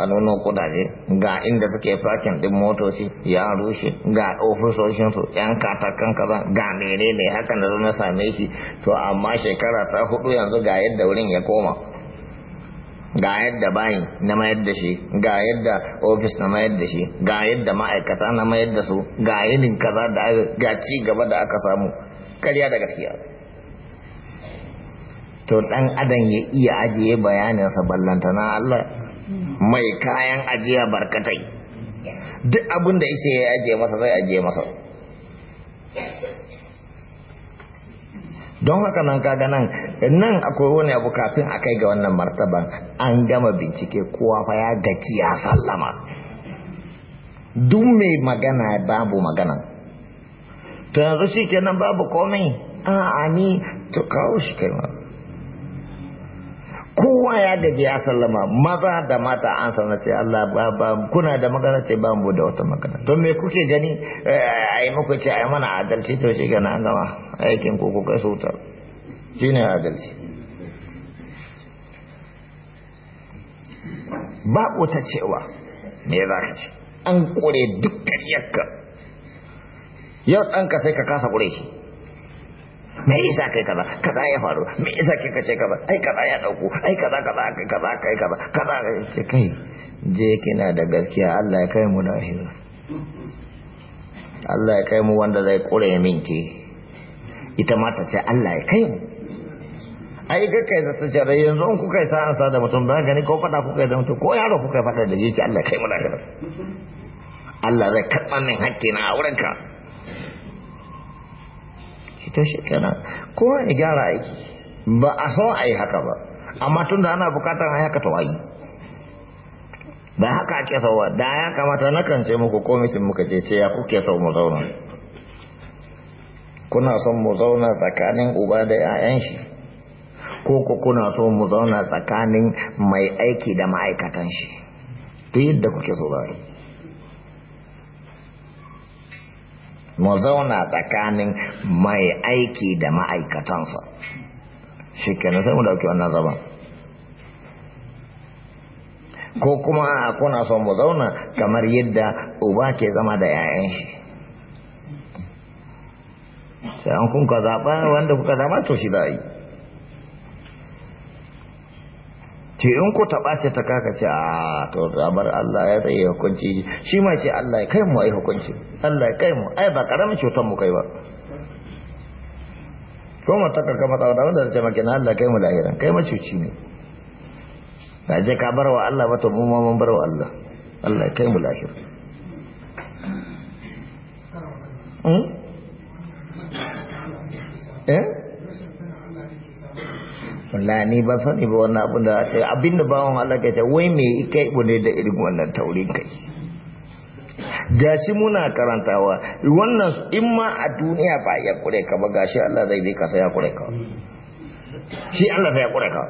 a nono kudaje ga inda suke fakin din motoci ya rushe ga ofisoshin su yan katakan kaza ga menene hakan da na same shi to amma shekara ta hudu yanzu ga yadda wurin ya koma ga yadda bayin na mayar da shi ga yadda ofis na mayar da shi ga yadda ma'aikata na mayar da su ga yinin kaza da ga ci gaba da aka samu karya da gaskiya to dan adam ya iya ajiye bayaninsa ballantana Allah mai kayan ajiya barkatai duk abin da yake ya ajiye masa zai ajiye masa don haka nan kaga nan nan akwai wani abu kafin a kai ga wannan martaban an gama bincike kowa fa ya gaci ya sallama duk mai magana babu magana to yanzu shi kenan babu komai a ani to kawo shi kenan. kowa ya gaji ya sallama maza da mata an sallama ce Allah ba kuna da magana ce ba mu da wata magana don me kuke gani eh, ai muku ce a mana adalci to shi gana gama aikin ku kuka sauta shi adalci ba wata cewa me za ka ce an kure duk ƙaryarka yau ɗanka sai ka kasa kure shi me yasa kai kaza kaza ya faru me yasa kai kace kaza ai kaza ya dauko ai kaza kaza kai kaza kai kaza kaza ce kai je kina da gaskiya Allah ya kai mu hira Allah ya kai mu wanda zai kore minki ita ma ta ce Allah ya kai mu ai ga kai zata ce rai yanzu in kuka yi sa da mutum ba gani ko fada kuka yi da mutum ko yaro kuka yi fada da shi ce Allah kai mu hira Allah zai karɓa min hakki na aurenka to shekara ko ya gyara aiki ba a so a yi haka ba amma tun da ana bukatar a haka tawayi ba haka ake sauwa da ya kamata na kan ce muku komitin muka ce ce ya kuke sau mu zauna kuna son mu zauna tsakanin uba da 'ya'yan shi ko ku kuna son mu zauna tsakanin mai aiki da ma'aikatan shi duk yadda kuke so ba mu zauna tsakanin mai aiki da ma'aikatansa shi kenan sai mu dauki wannan zaman ko kuma kuna son mu zauna kamar yadda uba ke zama da 'ya'yan shi sai an kun zaɓa wanda kuka zama to shi za yi ce in ko ta ce ta kaka ce a ah, to ramar Allah ya tsaye hukunci shi ma ce Allah ya kai mu ai hukunci Allah ya kai mu ai ba karamin cutar mu kai ba ko mata ka mata wadda wanda ce maka na Allah kai mu lahiran kai macuci ne ba je ka barwa Allah ba to mu ma mun barwa Allah Allah ya kai mu lahir hmm? eh la ni ban sani ba wannan abin da sai abin da bawon Allah ke ce wai me ibo ne da irin wannan taurin kai gashi muna karantawa wannan in ma a duniya ba ya kure ka ba gashi Allah zai bi ka sai ya kure ka shi Allah sai ya kure ka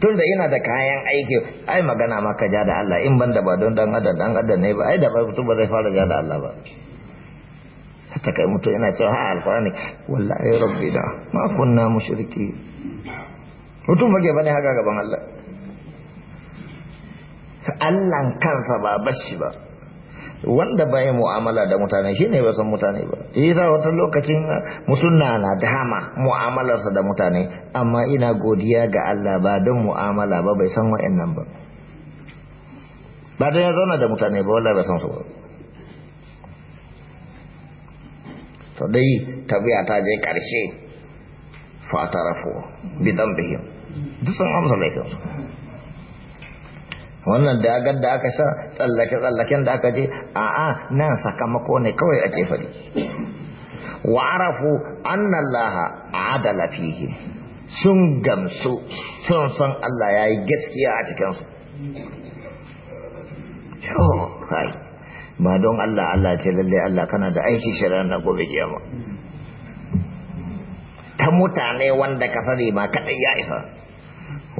tun da yana da kayan aiki ai magana maka ja da Allah in ban da ba don dan adam dan adam ne ba ai da ba mutum ba zai fara ja da Allah ba ta kai mutu yana cewa ha alkurani wallahi rabbi da ma kunna mushriki mutum bage bane haka gaban Allah Allah kansa ba bashi ba wanda ba yi mu'amala da mutane shine ba san mutane ba yasa wata lokacin mutum na na dama mu'amalarsa da mutane amma ina godiya ga Allah ba don mu'amala ba bai san wa'annan ba ba don ya zauna da mutane ba wallahi ba san su ba to dai tabiya ta je ƙarshe bi bihi duk sun amsa wannan dagar da aka sa tsallake-tsallaken da aka je a'a nan sakamako ne kawai ake fari wa arafu annallaha adala fihi sun gamsu sun san Allah yayi gaskiya a cikinsu. su kai ba don Allah Allah ce lalle Allah kana da aiki shirar na gobe kiyama ta mutane wanda ka sani ma kadai ya isa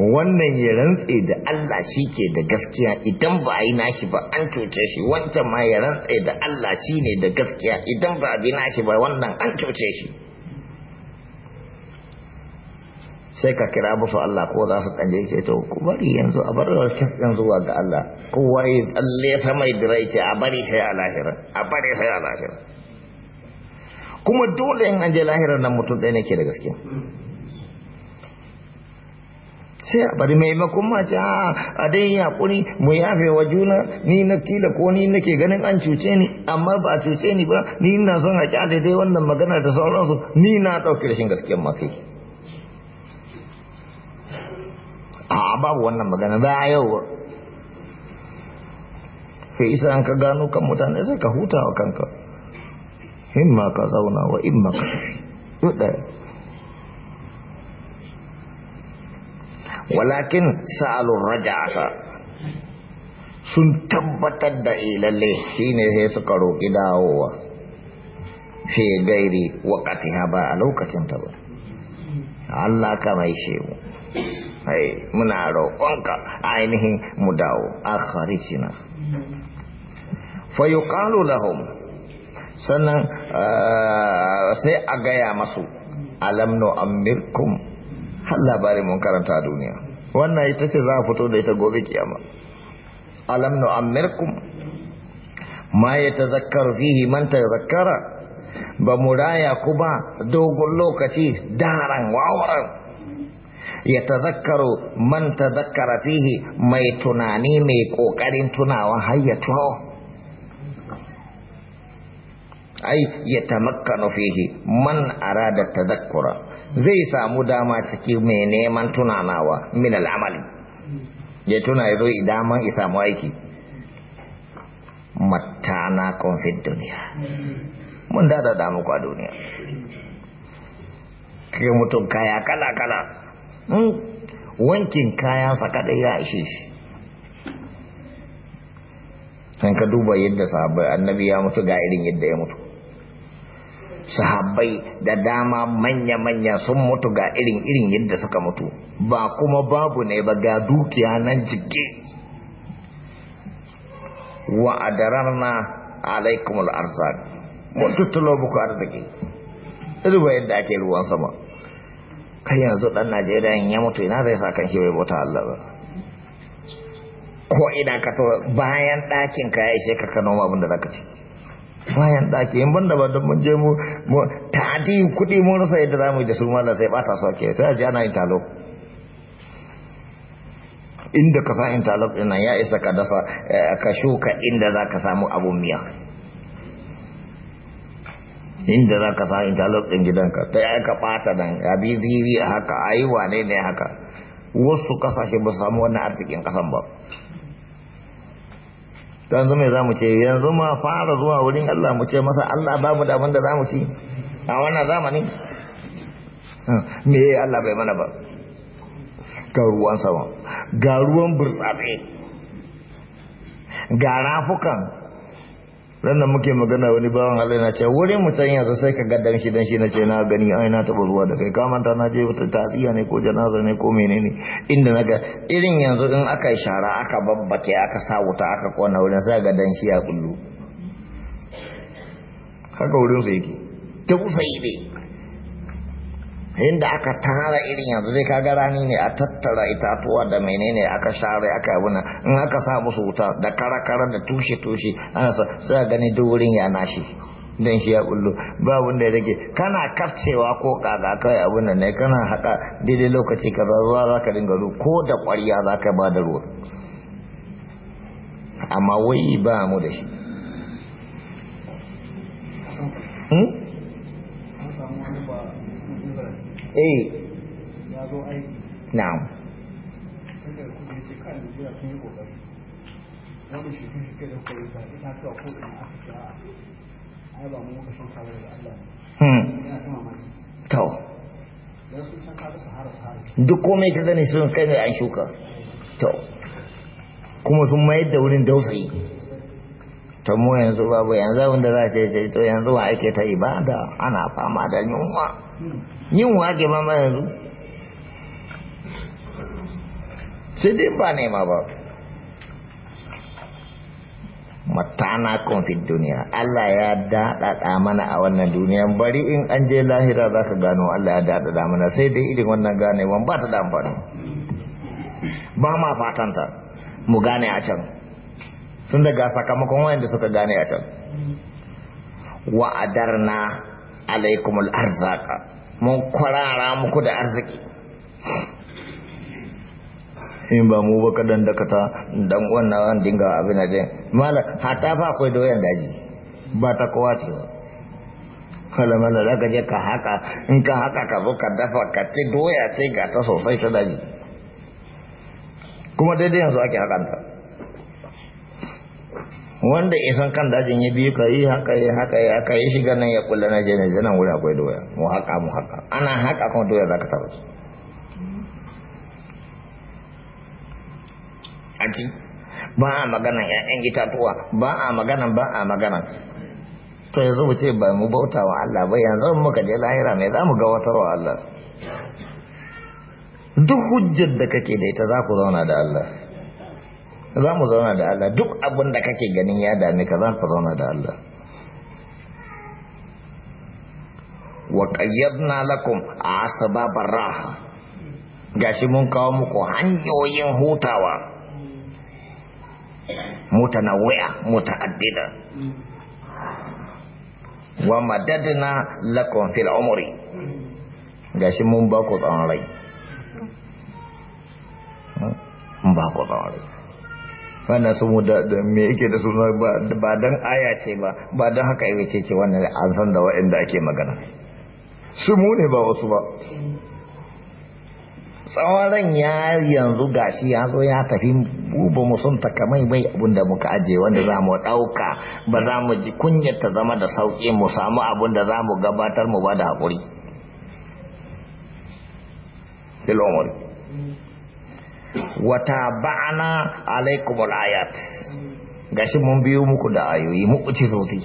wannan ya rantse da Allah shi ke da gaskiya idan ba a yi nashi ba an coce shi wancan ma ya rantse da Allah shi ne da gaskiya idan ba a bi nashi ba wannan an coce shi sai ka kira musu Allah ko za su kanje ce to ku bari yanzu a bar kes din zuwa ga Allah ko wai tsalle ta mai dirai ce a bari sai a lahira a bari sai a lahira kuma dole in an je lahirar nan mutum ɗaya ne ke da gaske sai a bari maimakon ma ce ah, a dai hakuri mu yafe wa juna ni na kila ko ni nake ganin an cuce ni amma ba cuce ni ba ni na son a kyale dai wannan magana da sauransu ni na ɗauki rashin gaske ma a babu wannan magana ba yau sai isa an ka gano kan mutane sai ka huta wa kanka himma ka zauna wa imma ka tafi walakin sa'alun ta sun tabbatar da ilalle eh, ne sai suka roƙi dawowa fi gairi wakati ha ba a lokacin ta ba Allah ka mai shemu hai muna angka ainihin mu dawo akharijina Fayo lahum sannan eh, sai a gaya masu alam nu amirkum har bari mun karanta duniya wannan ita ce za a fito da ita gobe kiyama alam nu amirkum ma zakar fihi man zakara. ba mu raya ku ba dogon lokaci daran wawaran. ya tazakkaru man tazakkara fihi mai tunani mai ƙoƙarin tunawa har ya tuho ai ya tamakkano fihi man arada tazakkura zai samu dama ciki mai neman tunanawa min al'amali ya tuna ya zo ya samu aiki matana konfin duniya mun dada damu kwa duniya ke mutum kaya kala kala wankin kayansa kaɗai ya ishe shi kan ka duba yadda sahabbai annabi ya mutu ga irin yadda ya mutu sahabbai da dama manya-manya sun mutu ga irin irin yadda suka mutu ba kuma babu ne ba ga dukiya nan jike wa adararna alaikumul arzak mutu tulo buku arziki duba yadda ake ruwan sama kai yanzu dan najeriya ya mutu ina zai sa kan shi bai bauta allah ba ko ina ka to bayan ɗakin ka ya ishe ka ka noma abin da zaka ci bayan ɗaki in banda ba don mun je mu tadi kuɗi mun rasa yadda za mu yi da su mallan sai bata su ake sai a ji ana yin talo inda ka sa yin talo nan ya isa ka dasa eh, ka shuka inda za ka samu abun miya inda za ka samu interlock ɗin gidanka ta yi ka ɓata nan ya bi ziri a haka a yi wane ne haka wasu kasashe ba su samu wannan arzikin kasan ba yanzu mai za mu ce yanzu ma fara zuwa wurin Allah mu ce masa Allah ba mu da da za mu ci a wannan zamani me Allah bai mana ba ga ruwan sama ga ruwan burtsatse ga rafukan ranar muke magana wani bawan Allah na ce wurin mutum yanzu sai ka gaddan shi dan shi na ce na gani ai na taba ruwa da kai kamanta na je wata tatsiya ne ko janaza ne ko menene inda naga irin yanzu in aka shara aka babbake aka sa wuta aka kona wurin sai ga dan shi ya kullu haka wurin sai yake ta kusa dai Inda aka tara irin yanzu zai kaga rani ne a tattara itatuwa da menene aka share aka abuna in aka sa musu wuta da karakara da tushe-tushe ana sa sai gani duk wurin ya nashi don shi ya bullo ba wanda ya rage kana kafcewa ko kaga kai abun nan ne kana haka daidai lokaci kaza zuwa za ka dinga ko da ƙwariya za ka ba da ruwa amma wai ba mu da shi hmm? eh ya zo aiki ta sun duk ka gane sun kai ne an shuka to kuma sun mayar da wurin dausayi Ta mu yanzu babu yanzu wanda za ta yi to yanzu ba ake ta ibada ana fama da yunwa yin wage ma ma yanzu sai dai ba ma ba matana konfin duniya Allah ya daɗaɗa mana a wannan duniya bari in an je lahira za ka gano Allah ya daɗaɗa mana sai dai irin wannan ganewan ba ta da amfani ba ma fatanta mu gane a can sun daga sakamakon wayanda suka gane a can wa'adarna alaikumul arzaka mun kwarara muku da arziki in ba mu ba kadan da kata dan wannan an dinga abin da din mala fa akwai doyan daji ba ta kowa ce ba kala mala zaka je ka haka in ka haka ka zo ka dafa ka ci doya sai ga ta sosai ta daji kuma daidai yanzu ake hakanta wanda isan kan dajin ya biyu ka yi haka yi haka yi haka yi shiga nan ya kulla na jana jana wuri akwai doya mu haka mu haka ana haka kuma doya za ka taba su aji ba a maganan ƴaƴan itatuwa ba a maganan ba a maganan to yanzu mu ce ba mu bauta wa Allah ba yanzu muka je lahira mai za mu ga wa Allah duk hujjar da kake da ita za ku zauna da Allah za mu zauna da Allah duk abin da kake ganin ya dame ka za ka zauna da Allah wa qayyadna lakum asbabar raha gashi mun kawo muku hanyoyin hutawa mutanawwi'a mutaaddida wa madadna lakum fil umri gashi mun ba ku tsawon rai hmm? mun ba ku tsawon rai wannan da me yake da suna ba dan aya ce ba ba dan haka yake ke wannan an san da waɗanda ake magana su mu ne ba wasu ba tsawon ya yanzu gashi ya zo ya tafi ba mu sun takamai mai abin da muka aje wanda za mu ɗauka ba za mu ji kunyar ta zama da sauƙi mu samu abin da za mu gabatar mu ba da haƙuri. wata ba'ana alaikumul ayat gashi mun biyo muku da ayoyi muku ci sosai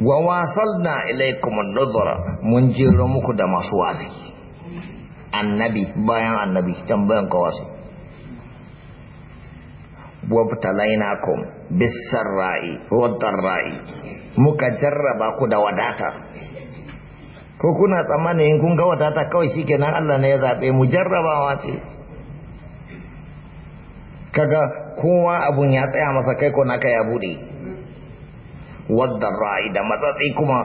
wa wasalna ilaikumun nuzura mun jero muku da masu wasi annabi bayan annabi tambayan ka wasi ra'i bisarra'i ra'i muka jarraba ku da wadata ko kuna tsammani in kun ga watata kawai shikenan Allah ne ya zaɓe mu jarrabawa ce kaga kowa abun ya tsaya masa kai ko naka ya bude wadda ra'i da matsatsi kuma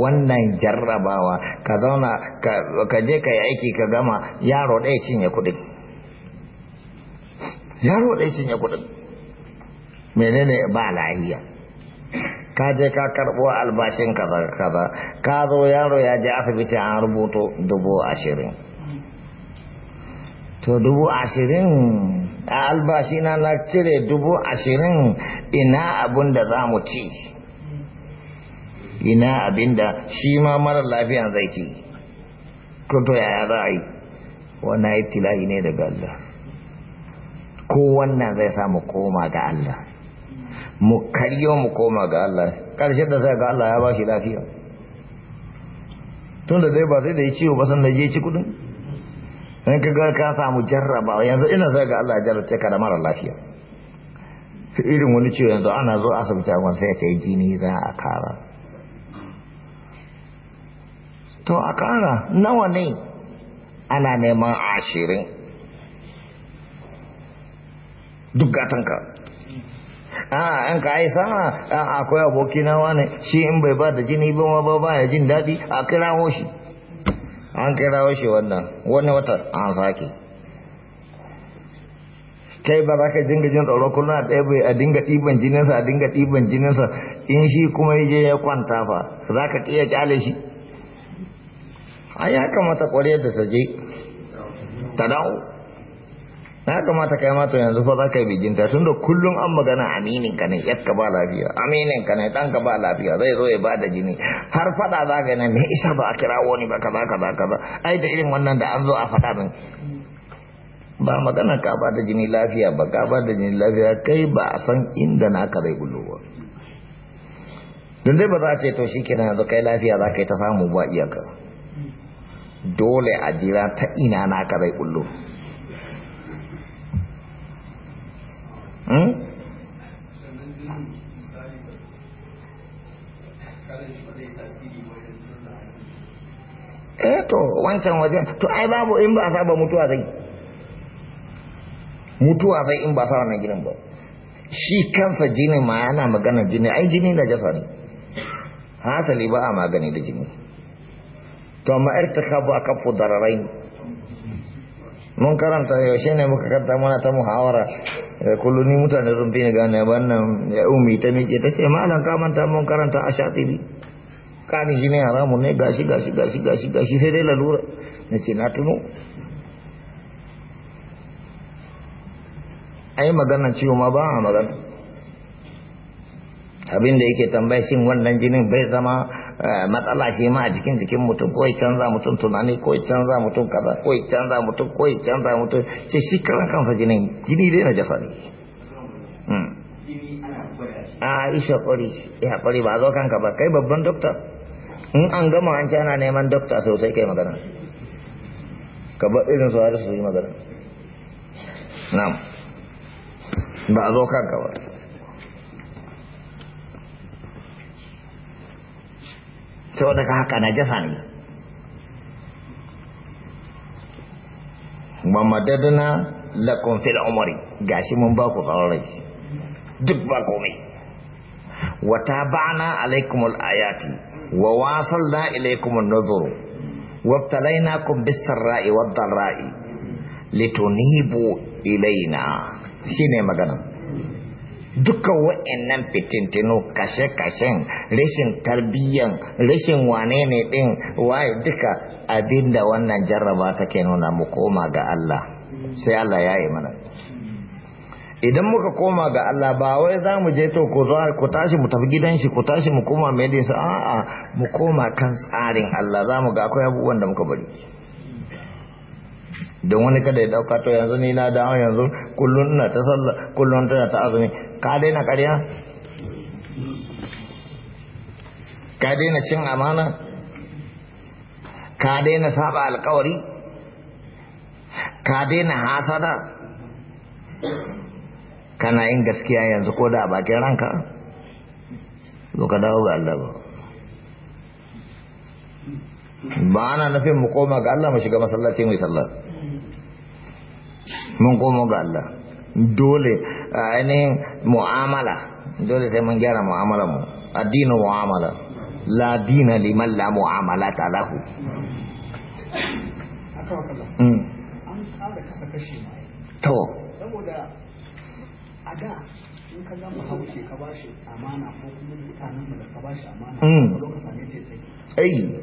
wannan jarrabawa ka zauna ka je ka yi aiki ka gama yaro ɗaya cinye kudin yaro ɗaya cinye kudin menene ba lahiya ka je ka karɓo albashin kaza kaza ka zo yaro ya je asibiti an rubuto dubu ashirin to dubu ashirin a albashi na na cire dubu ashirin ina abin da za mu ci ina abinda shi ma mara lafiyan zai ci to yaya za a yi wannan ne daga Allah ko wannan zai samu koma ga Allah mu karyo mu koma ga Allah ƙarshen da sai ga Allah ya ba lafiya tun da zai ba sai da ya ciwo ba san da je ci kudin in ka ga ka samu jarraba yanzu ina sai ga Allah ya jarrace ka da mara lafiya irin wani ciwo yanzu ana zo asibiti a wani sai ta yi jini za a kara to a kara nawa ne ana neman ashirin duk an ka yi sama akwai aboki na wani shi in bai ba da jini ba ma ba ba ya jin daɗi a kira shi an kira shi wannan wani wata an sake kai ba za ka dinga jin tsoro kullum a ɗaya bai a dinga ɗiban jininsa a dinga ɗiban jininsa in shi kuma ya je ya kwanta fa za ka iya ƙyale shi a ya kamata ƙwariyar da ta je ta dawo na kamata kai mata yanzu fa za ka yi bijinta tunda kullum an magana aminin ka ne yakka ba lafiya aminin ka ne ka ba lafiya zai zo ya ba da jini har faɗa za ka ne me isa ba a kira wani ba kaza kaza kaza ai da irin wannan da an zo a faɗa min ba magana ka ba da jini lafiya ba ka ba da jini lafiya kai ba a san inda naka zai gudu ba don dai ba za a ce to shi kenan yanzu kai lafiya za ka yi ta samu ba iyaka dole a jira ta ina naka zai kullu Hmm? eh to wancan wajen to ai babu in ba a saba mutuwa zai mutuwa zai in ba sa wannan ginin ba shi kansa jini ma yana magana jini ai jini da jasa ne hasali ba a magani da jini to amma irtikabu a kafu dararai mun karanta yaushe ne muka karanta mana ta muhawara Eh, kullum ni mutane sun fi ni gane wannan ya umi ta miƙe ta ce malam ka manta mun karanta a shatibi kani shi ne haramun ne gashi gashi gashi gashi gashi sai dai lalura na ce na tuno yi magana ciwo ma ba a magana abin da yake tambaya shin wannan jinin bai zama eh, matsala shi ma a jikin jikin mutum ko canza mutum tunani ko canza mutum kaza ko canza mutum ko canza mutum ce shi karan kansa jinin jini dai na jasa ne hmm. a isha ah, kwari ya kwari ba zo kanka ba kai babban dokta in an gama an ci ana neman dokta sosai kai magana ka ba irin su har su yi magana na ba zo kanka ba sau daga haka na jasa ne mamadadana lakon fil umari gashi mun ba ku tsarorai duk ba komai wata ba'ana alaikumul ayati wa wasalna ilaikumun nuzuru wabtalainakum bis r'a'i. wad-dharra'i litunibu ilaina shine magana duka wa'annan fitintino kashe-kashen rashin tarbiyyan rashin wane ne din waye duka abinda wannan jarraba take nuna mu koma ga Allah sai Allah ya yi mana idan muka koma ga Allah ba wai za mu je to ku zo ku tashi mu tafi gidan shi ku tashi mu koma mai da a'a mu koma kan tsarin Allah za mu ga akwai abubuwan da muka bari don wani kada ya dauka to yanzu ni na dawo yanzu kullum na ta sallah kullun tana ta azumi ka daina ƙarya ka daina cin amana ka daina saba alkawari ka daina hasada kana yin gaskiya yanzu ko da a bakin ranka ba ka dawo ga Allah ba ba ana nufin mu koma ga Allah mu shiga masallaci mai sallah mun komo ga Allah dole ainihin mu'amala dole sai mun gyara mu'amala mu addinin mu'amala la dina liman la mu'amala ta lahu mm. to saboda a da in ka zama haushe ka bashi amana ko kuma mutanen da ka bashi amana mm. ko ka same ce sai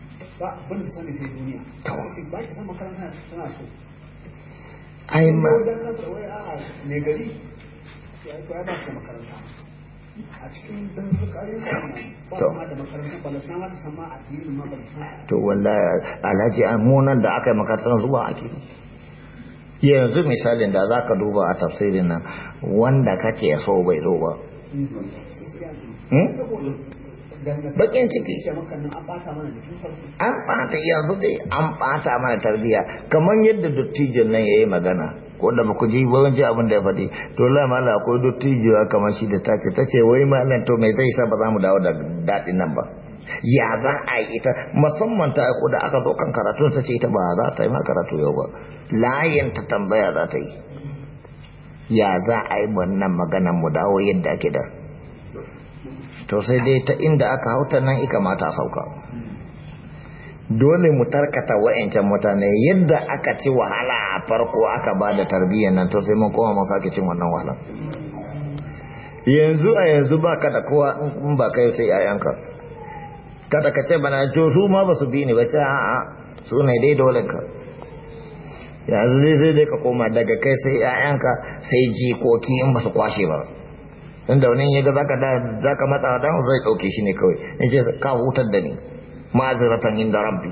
ba abin gari to to alhaji amunan da aka yi makarantar zuwa yanzu misalin da za ka duba a tafsirin nan wanda kake so bai zo ba bakin ciki an ɓata yanzu dai an ɓata mana tarbiya kamar yadda dottijon nan ya yi magana ko da ba ku ji wajen ji abin da ya faɗi to la mala akwai dottijuwa kamar shi da ta ce ta ce wai malam to mai zai sa ba za mu dawo da daɗin nan ba ya za a yi ita musamman ta aiko da aka zo kan karatun sa ce ita ba za ta yi ma karatu yau ba layin ta tambaya za ta yi ya za a yi wannan maganan mu dawo yadda ake da to sai dai ta inda aka hauta nan ika mata sauka dole mu tarkata wa'yancan mutane yadda aka ci wahala a farko aka ba da tarbiyyar nan to sai mun koma mun sake cin wannan wahala yanzu a yanzu ba ka da kowa in ba kai sai yayanka kada ka ce bana to su ma ba su bi ni ba ce a'a su ne dai dole ka yanzu dai sai dai ka koma daga kai sai yayanka sai jikoki in ba su kwashe ba inda wani ya ga zaka zaka matsa dan zai dauke shi ne kawai ce ka hutar da ni ma'azratan inda rabbi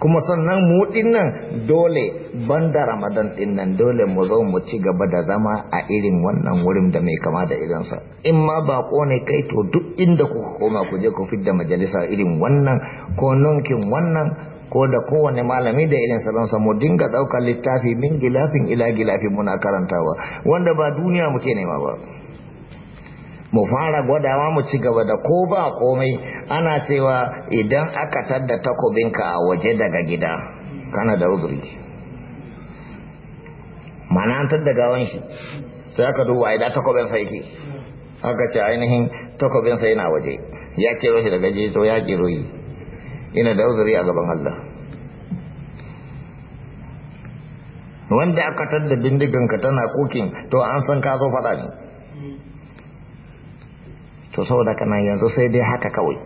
kuma sannan mu dinnan dole banda ramadan dinnan dole mu zo mu ci gaba da zama a irin wannan wurin da mai kama da sa in ma bako ne kai to duk inda kuka koma ku je ku fidda majalisa irin wannan ko nonkin wannan ko da kowane malami da irin salonsa mu dinga ɗaukar littafi min gilafin ila gilafin muna karantawa wanda ba duniya mu ke nema ba mu fara gwadawa mu ci gaba da ko ba komai ana cewa idan aka tadda takobinka a waje daga gida kana da uzuri mana an tadda gawan shi sai aka duba idan sai yake aka ce ainihin takobin sai yana waje ya kero shi daga jeto ya kero yi Ina da uzuri a gaban Allah wanda aka tadda bindiganka tana kokin to an san ka zo faɗa ne to saboda kana yanzu sai dai haka kawai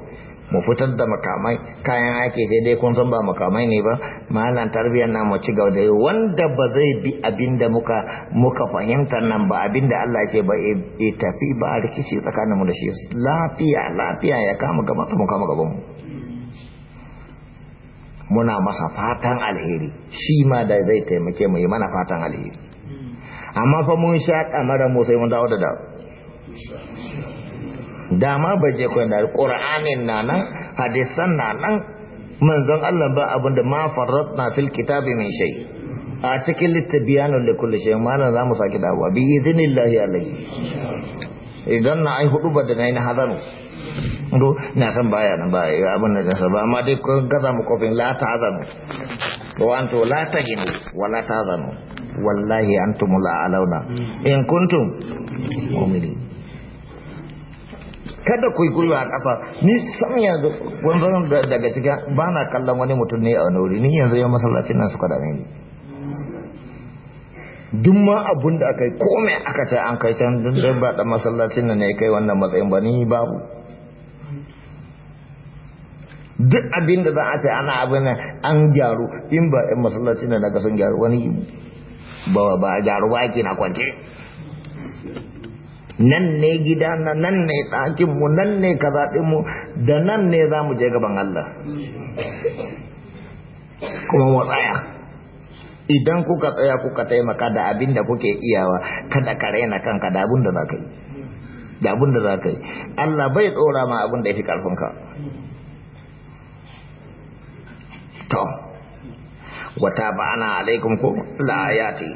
mu fitar da makamai kayan ake sai dai kun san ba makamai ne ba malan tarbiyyar na mu ci gaba da wanda ba zai bi abinda muka muka fahimta nan ba abinda Allah ce ba e tafi ba rikici tsakanin mu da shi lafiya lafiya ya kama gaba mu kama gaban mu muna masa fatan alheri shi ma da zai taimake mu yi mana fatan alheri amma fa mun sha kamarar mu sai mun dawo da dawo dama ba je koyi da qur'anin na nan hadisan na nan manzon Allah ba abinda ma farratna fil kitabi min shay a cikin littabiyanun da kullu shay malan za mu saki dawo bi idnillahi alayhi idan na ai hudu ba da nayi na ro na san baya nan ba abin da sa ba amma dai kun gaza mu kofin la ta'zanu wa antu la tahinu wa la ta'zanu wallahi antum la alauna in hmm. kuntum mu'minin kada ku yi a ƙasa ni sam yanzu wanzan daga cikin ba na kallon wani mutum ne a nauri ni oh, yanzu yan masallacin nan suka dame ni duk ma abun da aka yi komai aka ce an kai can duk ba da masallacin nan ne kai wannan matsayin ba ni babu duk abin da za a ce ana abin an gyaru in ba in masallaci na daga sun gyaru wani ba ba gyaru ba ake na kwance nan ne gida na nan ne ɗakin mu nan ne ka mu da nan ne za mu je gaban Allah kuma mu tsaya idan kuka tsaya kuka taimaka da abin da kuke iyawa kada ka raina kanka da abin da za ka yi da abin da za ka yi Allah bai tsora ma abin da ya fi karfinka to wata ba ana alaikum ko la'ayati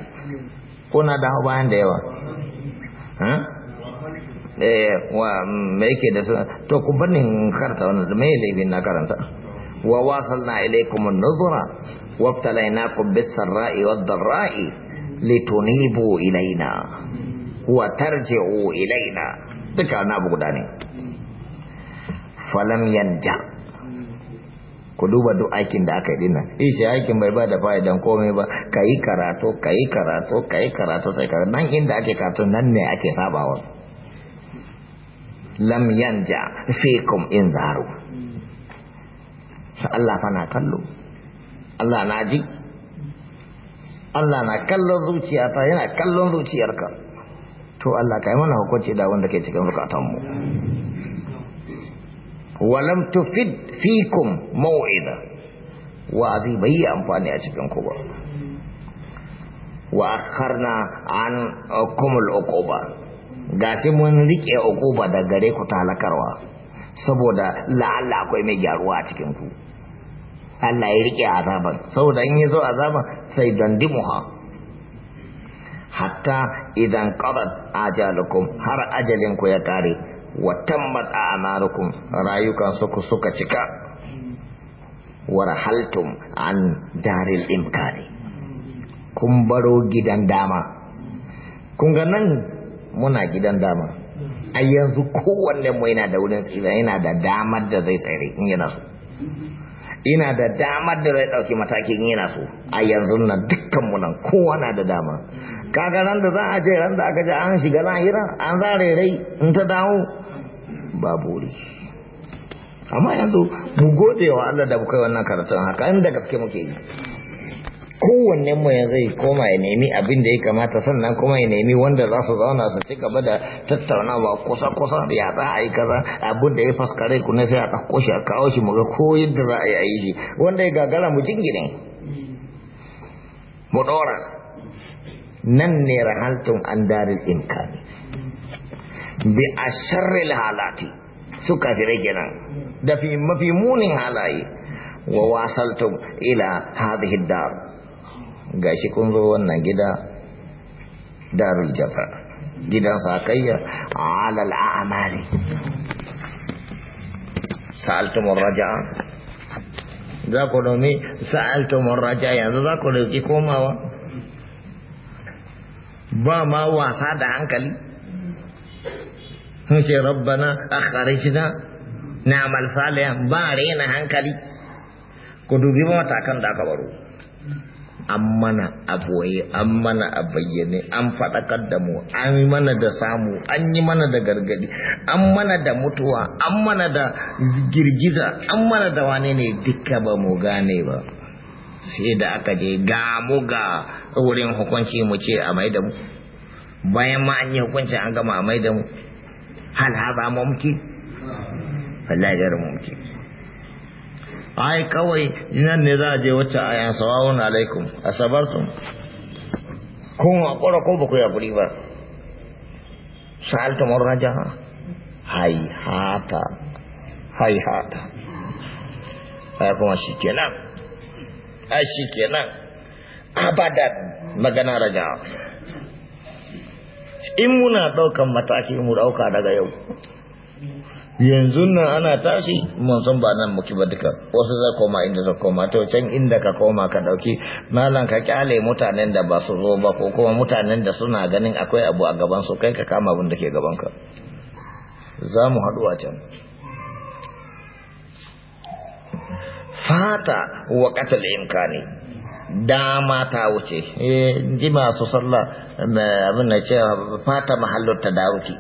kuna da hau bayan da yawa eh, wa me yake da to ku bani karta wannan da mai laifin na karanta wa wasalna ilaikum an-nuzra wa ibtalainakum bis-sarra'i wad-dharra'i litunibu ilaina wa tarji'u ilaina duka na bugudane falam yanja ku duba duk aikin da aka yi dinnan ishe aikin bai ba da fa'idan komai ba ka yi karatu ka yi karatu ka yi karatu sai karatu nan inda ake karatu nan ne ake sabawa lam yanja fikum in zaru Allah fa na kallo Allah na ji Allah na kallon ta yana kallon zuciyarka to Allah kai mana hukunci da wanda ke cikin zukatanmu walam tufid fikum mau'ida wa'azi bai yi amfani a cikinku ku ba wa akharna an kumul uquba gashi mun rike uquba da gare ku talakarwa saboda la'alla akwai mai gyaruwa a cikin ku Allah ya riƙe azaban saboda in zo azaban sai dimuha hatta idan qadat ajalukum har ajalin ku ya kare watammat a amarukum rayukan suku suka cika warhaltum an daril imkani kun baro gidan dama kun ga nan muna gidan dama a yanzu kowanne mu yana da wurin tsira yana da damar da zai tsere in yana so ina da damar da zai ɗauki matakin yana so a yanzu nan dukkan mu nan kowa na da dama kaga ran da za a je ran da aka ji an shiga lahira an za rai in ta dawo babu wuri amma yanzu mu gode wa Allah da kai wannan karatun haka inda gaske muke yi kowanne mu ya zai koma ya nemi abin da ya kamata sannan kuma ya nemi wanda za su zauna su ci gaba da tattaunawa kusa kusa ya za a yi kaza abin da ya faskare ku ne sai a ɗauko shi a kawo shi mu ga ko yadda za a yi a wanda ya gagara mu jingine mu ɗora nan ne rahaltun an daril imkani bi a sharril halati su kafirai kenan da fi mafi munin halaye wa wasaltun ila hadhihi dar gashi kun zo wannan gida darul jafa gidan sakayya ala amali sa'altumur raja'a za ku domin sa'altumur raja'a yanzu za ku dauki komawa ba ma wasa da hankali sun ce rabbana akharijna na'mal ba rena hankali ku dubi matakan da aka baro an mana a boye an mana a bayyane an faɗakar da mu an yi mana da samu an yi mana da gargadi an mana da mutuwa an mana da girgiza an mana da wane ne duka ba mu gane ba sai da aka je ga mu ga wurin hukunci mu ce a mai da mu bayan ma an yi hukunci an gama a mai da mu hal haza mumki wallahi gar mumki ai kawai nan ne za a je wacce aya sawawun alaikum asabartum kun hakura ko ba ku yaƙuri ba sa'alta hata hai haihata ai kuma shi kenan a ah, kenan abadan magana raja in muna ɗaukan mataki mu ɗauka daga yau yanzu nan ana tashi mun san ba nan muke ba duka wasu za koma inda za koma to can inda ka koma ka dauki malan ka kyale mutanen da ba su zo ba ko kuma mutanen da suna ganin akwai abu a gaban su kai ka kama abin da ke gaban ka za mu haɗu a can fata wa qatal imkani dama ta wuce eh, ji masu sallah abin da ce fata mahallar daruki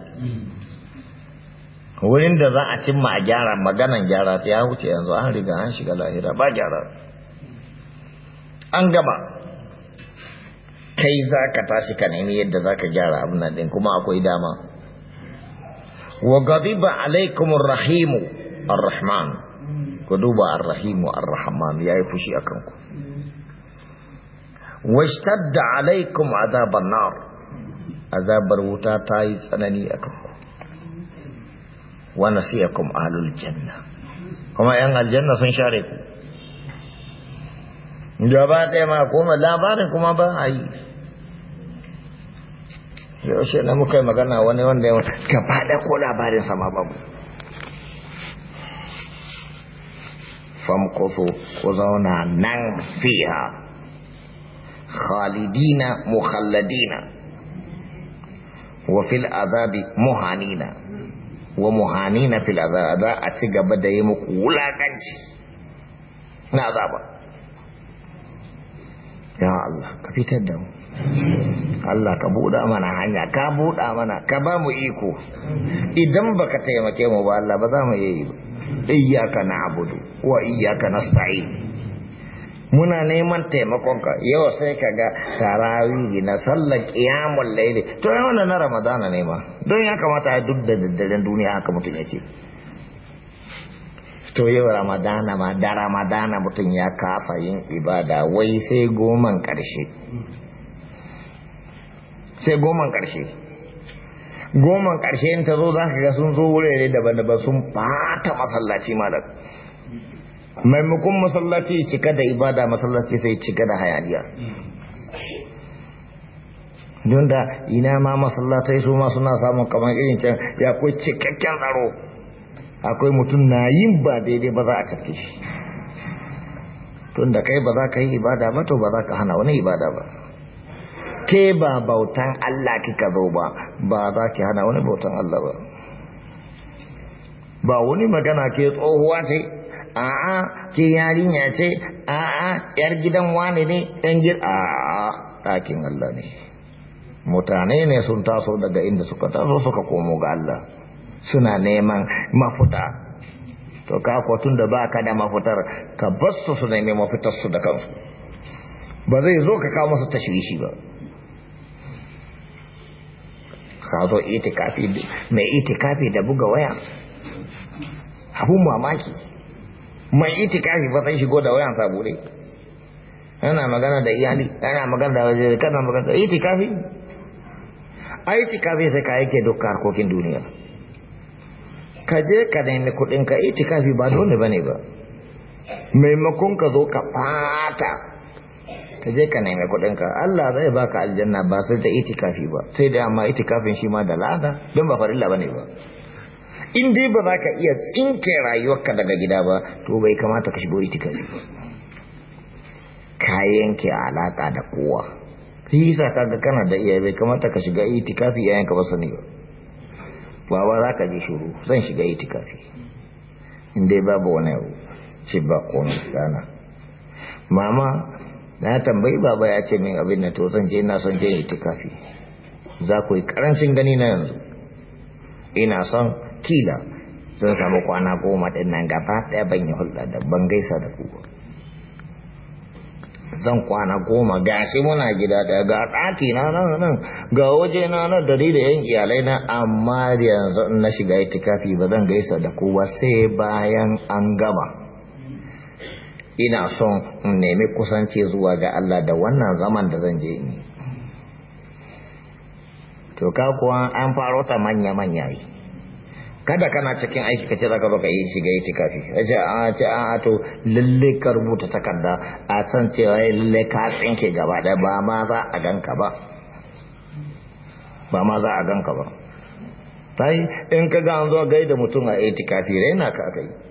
wurin da za a cimma a gyara maganan gyara ta ya wuce yanzu an riga an shiga lahira ba gyara an gama kai za ka tashi ka nemi yadda za ka gyara abin da din kuma akwai dama wa ba alaikumur rahimu ar-rahman ku duba ar-rahimu ar ya yi fushi a kanku washtadda alaikum azaban nar azabar wuta ta yi tsanani a kanku wa nasiyakum ahlul janna kuma yan aljanna sun share ku gaba ɗaya ma kuma labarin kuma ba a yi yaushe na muka yi magana wani wanda ya wata gaba ɗaya ko labarin sama babu famkusu ku zauna nan fiha khalidina mukhalladina wa fil azabi muhanina wa muhanina fil azabi za a ci gaba da yi muku wulakanci na azaba ya Allah ka fitar da mu Allah ka buɗa mana hanya ka buɗa mana ka ba mu iko idan baka taimake mu ba Allah ba za mu yi ba iyyaka na'budu wa iyyaka nasta'in muna neman taimakonka yau sai ka ga tarawihi na sallar qiyamul layl to yau na ramadana ne ma don ya kamata a duk da daddaren duniya haka mutum yake to yau ramadana ma da ramadana mutum ya kasa yin ibada wai sai goman karshe sai goman karshe goma ƙarshe ta zo za ka ga sun zo wurare daban-daban sun bata masallaci malam maimakon masallaci cika da ibada masallaci sai cika da hayaniya don da ina ma masallatai su ma suna samun kamar irin can ya akwai cikakken tsaro akwai mutum na yin ba daidai ba za a cikin shi tun da kai ba za ka yi ibada ba to ba za ka hana wani ibada ba ke ba bautan Allah kika zo ba ba za ki hana wani bautan Allah ba ba wani magana ke tsohuwa ce a'a ke yarinya ce a'a yar gidan wani ne ɗan gir a'a ɗakin Allah ne mutane ne sun taso daga inda suka taso suka komo ga Allah suna neman mafuta to ka kwatun da ba ka da mafutar ka bar su su nemi su da kansu ba zai zo ka kawo masu tashwishi ba ka zo itikafi mai itikafi da buga waya abun mamaki mai itikafi ba zai shigo da wayan sabure ana magana da iyali ana magana da waje kana magana da itikafi a itikafi sai ka yake duk harkokin duniya ka je ka nemi kuɗin ka itikafi ba dole bane ba maimakon ka zo ka fata ka je ka nemi ka Allah zai baka aljanna ba sai ta itikafi ba sai da amma itikafin shi ma da lada don ba farilla bane ba in dai ba za ka iya tsinke rayuwarka daga gida ba to bai kamata ka shigo itikafi ba ka yanke alaka da kowa shi yasa kaga kana da iya bai kamata ka shiga itikafi yayin ka ba sani ba ba ba za ka ji shiru zan shiga itikafi in dai babu wani abu ce ba kuma dana mama na tambayi baba ya ce min abin na to zan je ina son je itikafi za ku yi karancin gani na yanzu ina son kila sun samu kwana goma din nan gaba daya ban yi hulɗa da ban gaisa da ku zan kwana goma shi muna gida daya ga ɗaki na nan nan ga waje na nan da da yan iyalai na amma yanzu na shiga itikafi ba zan gaisa da kowa sai bayan an gama ina son in nemi kusanci zuwa ga Allah da wannan zaman da zan je ni yi to ka kuwa an faro ta manya manya yi kada kana cikin aiki ka ce za ka baka yi shiga yi kafi a ce a ah, ce a ah, ah, to lalle ka rubuta takarda a san cewa lalle ka tsinke gaba da ba ma za a ganka ba ba ma za a ganka ba tai in ka ga an zo gaida mutum a itikafi raina ka kai.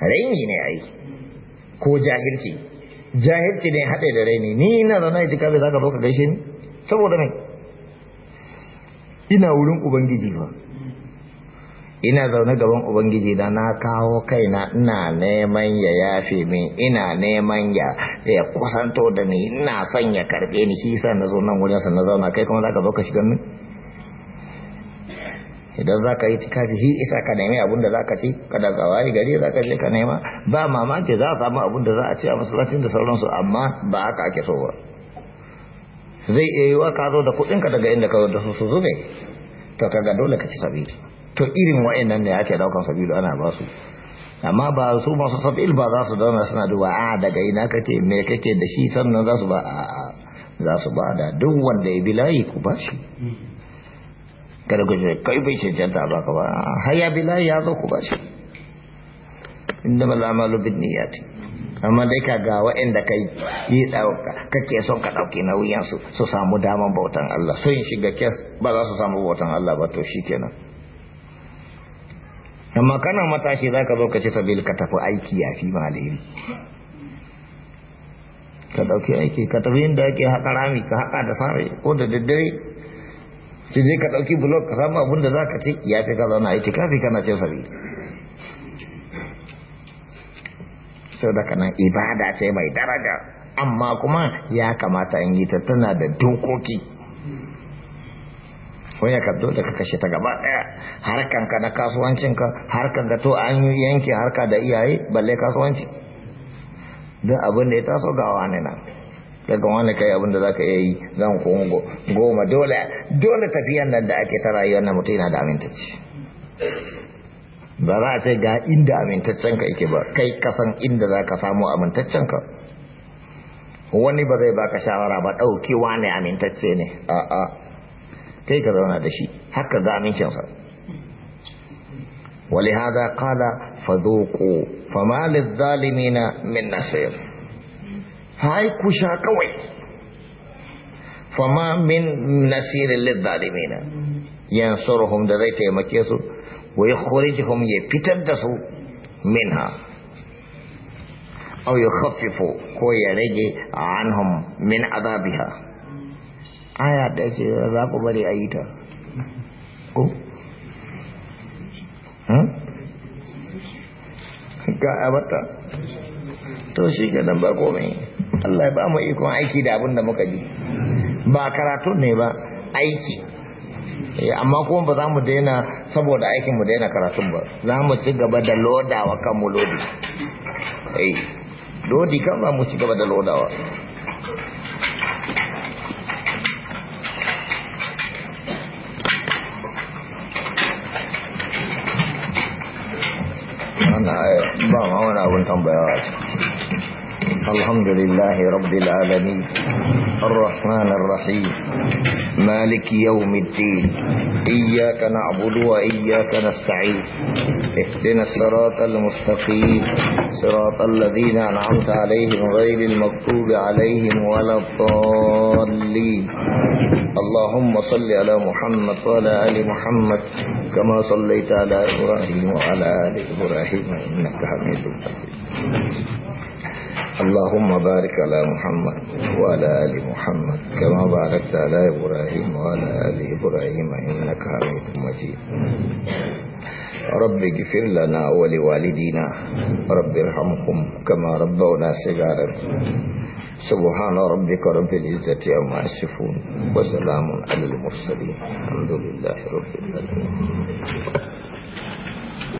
raini ne ai ko jahilci jahilci ne haɗe da raini ni ina zaune ji kabe za ka zo ka gaishe ni saboda mai ina wurin ubangiji ba ina zaune gaban ubangiji da na kawo kaina ina neman ya yafe min ina neman ya ya kusanto da ni ina son ya karbe ni shi yasa na zo nan wurin sa na zauna kai kuma zaka zo ka shiga min idan za ka yi tikafi shi isa ka nemi abin da za ka ci kada ka waye gari za ka je ka nema ba mamaki za a samu abin za a ci a masallacin da sauransu amma ba haka ake so ba zai iya yiwa ka zo da ka daga inda ka zo da su su zube to kaga dole ka ci sabili to irin wa'annan ne ake daukan sabili ana ba su amma ba su masu sabil ba za su zauna suna duba a ah, daga ina kake me kake da shi sannan za su ba a za su ba da duk wanda ya bi layi ku ba shi hmm. kada ku ce kai bai cancanta ba ka ba haya billahi ya zo ku ba shi inda ba za malu bin niyyati amma dai ka ga waɗanda kai yi kake son ka ɗauki nauyinsu su samu daman bautan Allah so yin shiga kes ba za su samu bautan Allah ba to shi kenan amma kana matashi za ka zo ka ci sabil ka tafi aiki ya fi maliri ka ɗauki aiki ka tafi inda ake haƙa rami ka haƙa da sare ko da daddare sai je ka ɗauki blog ka samu abin da za ka ce ya fi ka zauna aiki kafi kana ce sabi sau da kanan ibada ce mai daraja amma kuma ya kamata in yi ta tana da dokoki wani ya kaddo da ka kashe ta gaba ɗaya ka na kasuwancinka harkan ka to an yanke harka da iyaye balle kasuwanci don abin da ya taso gawa ne nan Daga wani kai abin da zaka iya yi zan kuma goma dole dole tafiyan nan da ake ta rayuwa na mutum yana da amintacci ba za a ce ga inda amintaccen ka yake ba kai kasan inda za ka samu amintaccen ka wani ba zai baka shawara ba ɗaukewa ne amintacce ne a'a kai ka zauna da shi haka ga amincinsa ولهذا قال فذوقوا فما للظالمين من نصير hai kusha kawai fama min nasirin lizalimina yansuruhum da zai taimake su wai yukhrijuhum ya fitar da su minha aw yukhaffifu ko ya rage anhum min azabiha aya da ce za ku bari a yi ta ko hmm? ga abata to shi ke nan ba komai Allah ya ba mu ikon aiki da abin da muka ji ba karatu ne ba aiki eh, amma kuma ba za mu daina saboda aikin mu daina karatun ba za mu ci gaba da lodawa kan mu lodi eh lodi kan za mu ci gaba da lodawa ba ma wani abin tambayawa ce الحمد لله رب العالمين الرحمن الرحيم مالك يوم الدين إياك نعبد وإياك نستعين اهدنا الصراط المستقيم صراط الذين أنعمت عليهم غير المكتوب عليهم ولا الضالين اللهم صل على محمد وعلى آل محمد كما صليت على إبراهيم وعلى آل إبراهيم إنك حميد مجيد اللهم بارك على محمد وعلى آل محمد كما باركت على إبراهيم وعلى آل إبراهيم إنك حميد مجيد رب اغفر لنا ولوالدينا رب ارحمهم كما ربونا صغارا سبحان ربك رب العزة عما يصفون وسلام على المرسلين الحمد لله رب العالمين